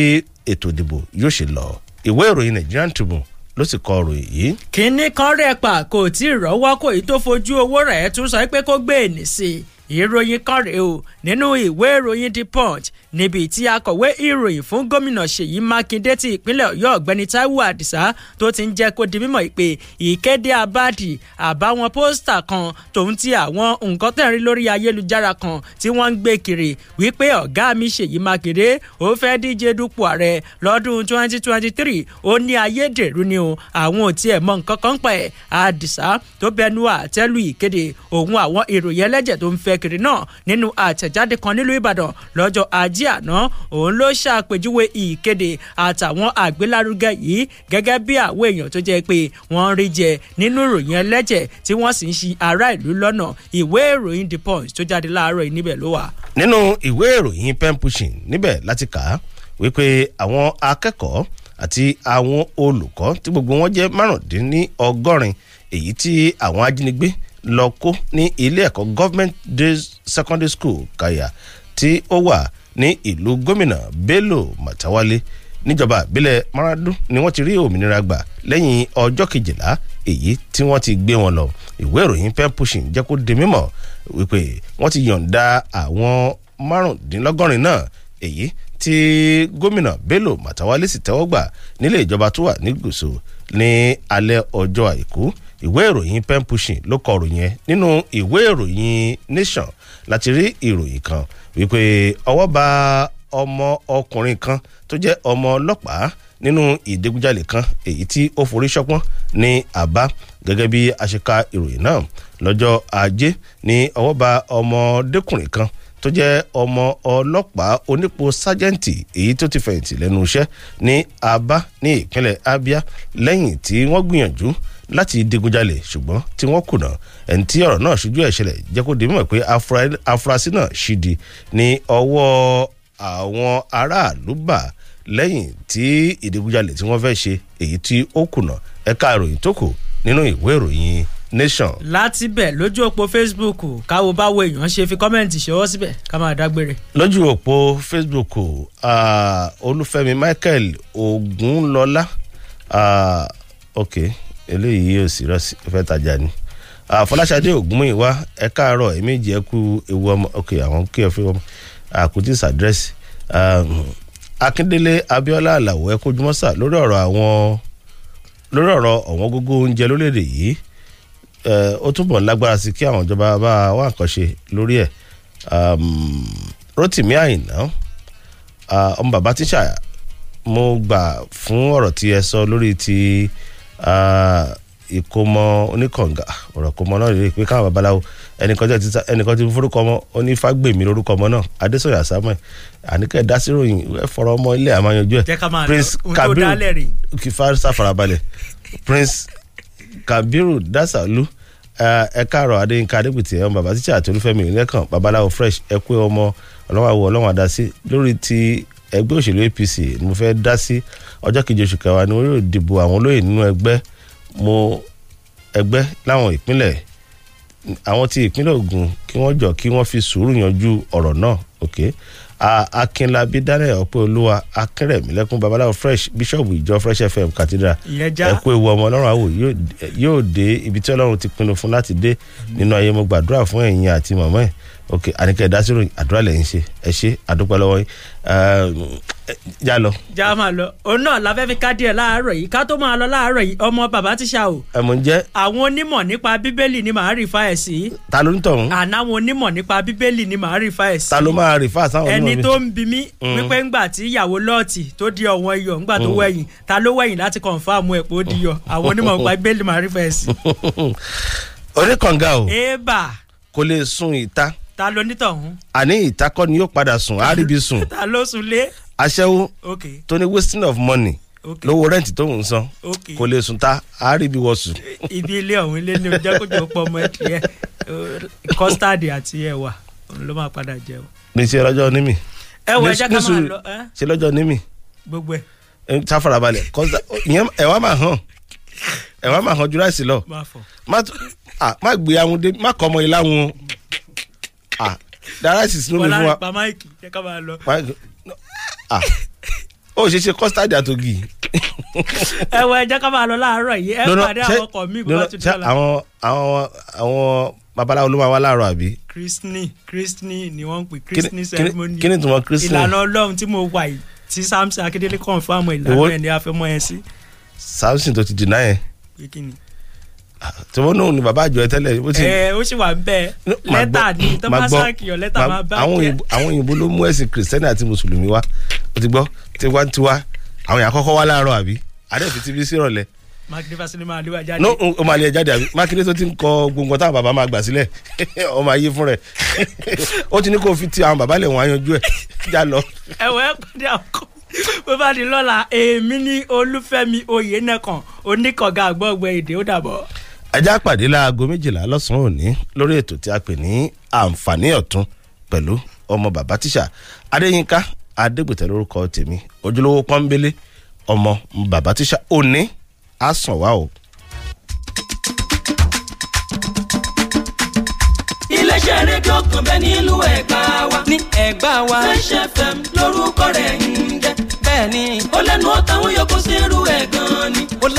B: ètò ìdìbò yóò ṣe lọ ìwé ìròyìn Nigerian Tribune ló sì kọ ọ̀rọ̀ yìí.
C: kínní kan rẹ̀ pa kò tí ì rọ́wọ́ kò yìí tó fojú owó rẹ̀ tún sọ pé kó gbé ènì e sí i ìròyìn kan rèé o nínú ìwé ìròyìn The Punch níbi tí akọ̀wé ìròyìn fún gómìnà ṣèyí mákindé ti ìpínlẹ̀ ọ̀yọ́ ọ̀gbẹ́ni taiwo àdìsá tó ti ń jẹ́ kó di mímọ̀ pé ìkéde abáàdì àbáwọn pósítà kan tòun ti àwọn nǹkan tẹ̀ ń rí lórí ayélujára kan tí wọ́n ń gbé kiri wípé ọ̀gá mi ṣèyí mákindé ó fẹ́ díje dupò ààrẹ lọ́dún 2023 ó ní ayédèrú ni o àwọn ò tiẹ̀ mọ nǹkan kan pẹ̀ àdìsá tó bẹnu àtẹ́lù ìkéde òun àwọn ìròyìn ẹlẹ́jẹ̀ tó ń fẹ́ kiri náà nínú àtẹ̀jáde kan nílùú ìbàdàn lọ́jọ́ ajé ajé àná òun ló ṣàpèjúwe ìkéde àtàwọn àgbélárugẹ yìí gẹ́gẹ́ bí àwọn èèyàn tó jẹ́ pé wọ́n rí jẹ nínú ìròyìn ẹlẹ́jẹ̀ tí wọ́n sì ń ṣi ará ìlú lọ́nà ìwé ìròyìn the punch tó jáde láàárọ̀ yìí níbẹ̀ ló wà.
B: nínú ìwé ìròyìn pen pushing níbẹ̀ láti kà á wípé àwọn akẹ́kọ̀ọ́ àti àwọn olùkọ́ tí gbogbo wọn jẹ́ márùndínlọ́gọ́rin èyí tí àwọn ajínigbé lọ kó ní ilé ẹ̀kọ́ government day secondary school kaya tí ó wà ní ìlú gómìnà Bello Matawalle níjọba àbílẹ̀ maradu ni wọ́n ti rí òmìnira gbà lẹ́yìn ọjọ́ kejìlá èyí tí wọ́n ti gbé wọn lọ ìwé ìròyìn pen pushing jẹ́ kó di mímọ̀ wípé wọ́n ti yọ̀ǹda àwọn márùndínlọ́gọ́rin náà èyí tí gómìnà Bello Matawalle sì tẹ́wọ́ gbà nílé ìjọba tó wà ní gúúsù ní alẹ́ ọjọ́ àìkú ìwé ìròyìn pen pushing ló kọ ìròyìn yẹn nínú ìwé ìròyìn Nation láti rí ìròyìn kan wípé ọwọ́ ba ọmọ ọkùnrin kan tó jẹ́ ọmọ ọlọ́pàá nínú ìdígunjalè kan èyí tí ó forí ṣọpọ́n ní àbá gẹ́gẹ́ bí àṣekà ìròyìn náà lọ́jọ́ ajé ní ọwọ́ ba ọmọdékùnrin kan tó jẹ́ ọmọ ọlọ́pàá onípò sájẹ́ǹtì èyí tó ti fẹ̀yìntì lẹ́nu iṣẹ́ ní àbá ní ìpínlẹ̀ abia lẹ́yìn tí wọ́n gbìyànjú láti digunjalè ṣùgbọ́n tí wọ́n kùnà ẹni tí ọ̀rọ̀ náà ṣojú ẹ̀ ṣẹlẹ̀ jẹ́ kó di mímọ̀ pé afurasí náà ṣìdí ní ọwọ́ àwọn aráàlú bà lẹ́yìn tí ìdigunjalè tí wọ́n fẹ́ ṣe èyí tí ó kùnà ẹ̀ka ìròyìn tó kù nínú ìwé ìròyìn nation.
C: láti bẹ̀ lójú òpó facebook káwo báwo èèyàn ṣe fi kọ́mẹ̀ntì ṣọwọ́ síbẹ̀ ká máa dágbére.
B: lójú òpó facebook uh, olúfẹ́mi michael ogunlọ́lá uh, okay eléyìí yóò sì rọ́ọ̀sì fẹ́ tajà ni àfọláṣadé ògúnmọ̀yìn wá ẹ káàárọ̀ èméjì ẹ kú ewu ọmọ ok àwọn kí ẹ fi wọn àkútí sàdírẹ́sì akíndélé abíọ́lá àlàó ẹ kójúmọ́ sà lórí ọ̀rọ̀ àwọn lórí ọ̀rọ̀ ọ̀wọ́n gógó oúnjẹ lórílẹ̀‐èdè yìí ó túbọ̀ lágbára sí kí àwọn ìjọba bá wá nǹkan ṣe lórí ẹ̀ rotimi àyìnà ọmọ bàbá tíṣà mo gbà fún ọ̀rọ̀ tí ẹ sọ lórí ti. Uh, ìkómọ oníkànga ọ̀rọ̀ kómọ náà lè pé káwọn babaláwo ẹnìkan tí forúkọ ọmọ onífàgbèmí lórúkọ ọmọ náà adésọyà samuel àníkẹ́ dásíròyìn ẹ̀fọ́rọ̀ ọmọ ilé àmàyanjú ẹ̀ prince kabiru kìfà sáfarabalẹ̀ prince kabiru dasalu ẹ̀ka àrọ̀ adéyínká adégbìtì ẹ̀yọ́n bàbá tíṣà àti olúfẹ́mi ìlẹ́kàn babaláwo fresh ẹ̀kú ọmọ ọlọ́wàwọ̀ ọlọ́wàdásí lórí ti ẹgbẹ́ òṣèlú APC mo fẹ́ dá sí ọjọ́ keje oṣù kẹwàá ni wọ́n yóò dìbò àwọn olóyè nínú ẹgbẹ́ mo ẹgbẹ́ láwọn ìpínlẹ̀ àwọn ti ìpínlẹ̀ Ògùn kí wọ́n jọ kí wọ́n fi sùúrù yanjú ọ̀rọ̀ náà okay akínlábí daniel ọpẹ́olúwa akínrẹ̀mílẹ́kún babaláwo fresh bíṣọ̀bù ìjọ fresh fm cathedral ẹ̀kú ewu ọmọ ọlọ́run àwò yóò dé ibi tí ọlọ́run ti pinnu fún láti dé nínú ayé mo gbàdúrà fún ẹ̀yin àti màmá ẹ̀ ok àníkẹ́ ìdásírò àdúrà lẹ́yìn ṣe ẹ ṣe àdúpẹ́ lọ́wọ́ yín já lọ.
C: já máa lọ òun náà la fẹ́ fi ká díẹ̀ láàárọ̀ yìí ká tó máa lọ láàárọ̀ yìí ọmọ bàbá ti ṣá o. ẹ̀mọ̀ ń jẹ́. àwọn onímọ̀ nípa bíbélì ni màá rìfà ẹ̀ sí. ta ló ń tọ̀ àná àwọn onímọ̀ nípa bíbélì ni màá rìfà ẹ̀ sí. ta ló máa
B: rìfà sáwọn onímọ̀ mi. ẹni tó ń
C: bi mí mm. wípé ńgbà tí ìyàwó lọ́ọ̀tì tó di ọ̀wọ́n iyọ̀ ńgbà tó mm. wẹ̀yìn ta ló wẹ̀yìn láti kọ̀ǹfàmù o. eba. kò lè
B: ta ló nítọ̀hún. àní ìtakọ́ ni yóò padà sùn àríbi sùn.
C: ta ló sùn lé.
B: aṣẹ́wó tó ní wasting of money lówó rẹ́ǹtì tó ń san kò lè sùn ta àríbi wọ sùn.
C: ibi ilé ọ̀hún ilé ni ojú kójú pọ̀ ọmọ ẹ̀dìyẹ kọ́stáàdì àti ẹ̀wà ló máa padà jẹ o.
B: mi ṣe lọ́jọ́ nímì. ẹ wọ ẹja ká máa lọ. ṣe lọ́jọ́ nímì. gbogbo ẹ. ta farabalẹ̀ ìyẹn ẹ̀wà máa hàn ẹ̀wà máa hàn jù láìsí lọ. má gbé àwọn dé má kọ́ ọmọ ilé àwọn ah dialysis ló mi fún wa bọ́lá
C: pàmáìkì jẹ́ ká máa lọ.
B: ah ó ṣe ṣe custard àtògì.
C: ẹ wọ ẹ jẹ́ ká máa lọ láàárọ̀ yìí ẹ pàdé àwọn ọkọ mi bó bá ti dọ́là.
B: àwọn àwọn àwọn babaláwo ló máa wá láàárọ̀ àbí.
C: kristni kristni ni wọ́n ń pè kristni ceremony. kí ni tùmọ̀ kristni. ìlànà ọlọ́run tí mo wà yìí tí samson akindele confam ìlànà
B: ẹ̀ ni a fẹ́ mọ ẹ sí. samson tó ti deny ẹ. kí ni tí wọn náà ni bàbá àjọ ẹ tẹ́lẹ̀. ẹ
C: ó sì wà ń bẹ lẹ́tà ni tó bá sáàkìyàn lẹ́tà máa bá jẹ.
B: àwọn òyìnbó ló mú ẹ̀sìn kìrìsìtẹ́nì àti mùsùlùmí wá o ti gbọ́ tiwantiwa àwọn yàrá kọ́kọ́ wá láàárọ̀ àbí adẹ́fi tv sí ìrọ̀lẹ́.
C: mákindé fásitì máa lé wa jáde. no o máa lé ẹ
B: jáde àbí mákindé tó ti ń kọ gbogbo táwọn bàbá máa gbà sílẹ̀ ọ máa yé fún rẹ̀ ó ti ní kó fi ti àwọn bàbá lẹ̀ wọ́n á yanjú ẹ̀ já lọ.
C: ẹ̀wọ̀n ẹ̀ pàdé àkọ́ bó bá di lọ́la èmi ní olúfẹ́mi oyè nẹ́kan oníkọ̀gá àgbọ̀gbẹ́ èdè ó dàbọ̀
B: ẹjá pàdé láago méjìlá lọ́sàn-án òní lórí ètò tí a pè ní àǹfààní ọ̀tún pẹ̀lú ọmọ bàbá tíṣà adéyínká adégbètè lórúkọ tèmi ojúlówó pọ́nbélé ọmọ bàbá tíṣà òní á sàn wá o.
A: iléeṣẹ́ rédíò kan bẹ́ẹ̀ nílùú ẹ̀gbá wa. ní ẹ̀gbá wa. fresh fm lórúkọ rẹ̀ ń jẹ́. bẹ́ẹ̀ ni. ó lẹ́nu ọ̀tàwọn yòókù sí irú ẹ̀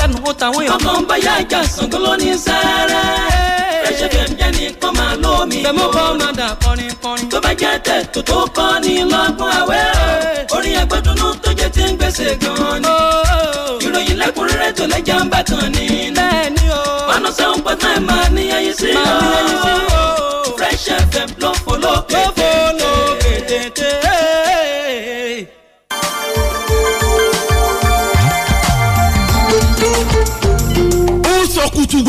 A: lẹ́nu ó tàwọn èèyàn. tọmọ ń ìjà Ṣàngó ló ní sẹ́rẹ́. Fresh FM jẹ́ nìkan máa ló mi. bẹ́ẹ̀ mo bọ́ máa dà kọrin kọrin. tó bá jẹ́ tẹ̀ tó tó kọ́ ní lọ́gbọ́n àwẹ̀. orin ẹgbẹ́dúnú tó jẹ́ ti ń gbèsè gan ni. Oh. ìròyìn lẹ́kùnrẹ́rẹ́ tó lẹ́jà ń bàtàn ni. bẹ́ẹ̀ni o. one oh seven point máa ní ẹyin sí i. máa ní ẹyin sí i. Fresh FM ló fò lókè. ló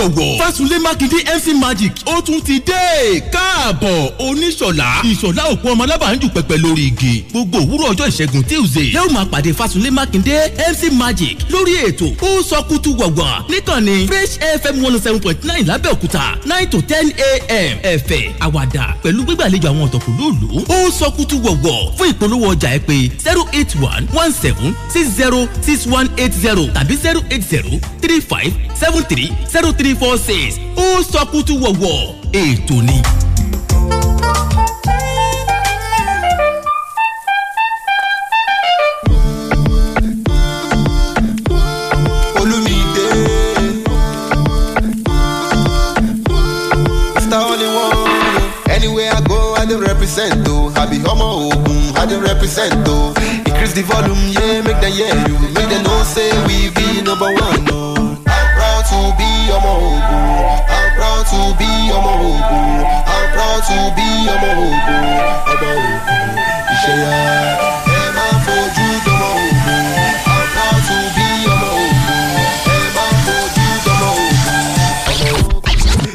D: wọ̀wọ̀ Sunday Makinde MC Magic ó tún ti dé
F: káàbọ̀ oníṣọ̀lá ìṣọ̀lá òkú ọmọ alábàájú pẹpẹ lórí igi gbogbo òwúrọ̀ ọjọ́ ìṣẹ́gun Tuesday yóò máa pàdé Fasunlé Makinde MC Magic lórí ètò ó sọ kútu wọ̀gbọ̀n níkànnì Fresh FM one oh seven point nine lábẹ́òkúta nine to ten a.m. ẹ̀fẹ̀ àwàdà pẹ̀lú gbígbàlejò àwọn ọ̀tọ̀kùlóòlù ó sọ kútu wọ̀gbọ̀ fún ìpolówó ọjà ẹ pé zero eight one one seven six zero six one eight zero tàbí zero eight zero three five seven three zero three four six eight ó sọkútú wọ̀wọ̀ ètò ni.
H: Anywhere I go, I represent. represent oh. I be ọmọ ogun, I represent o. Oh. Increase
J: the volume, yeah, make them hear you. Make them know say we be number one. to be, I'm a hobo. I'm proud to be, I'm a hobo. I'm a hobo.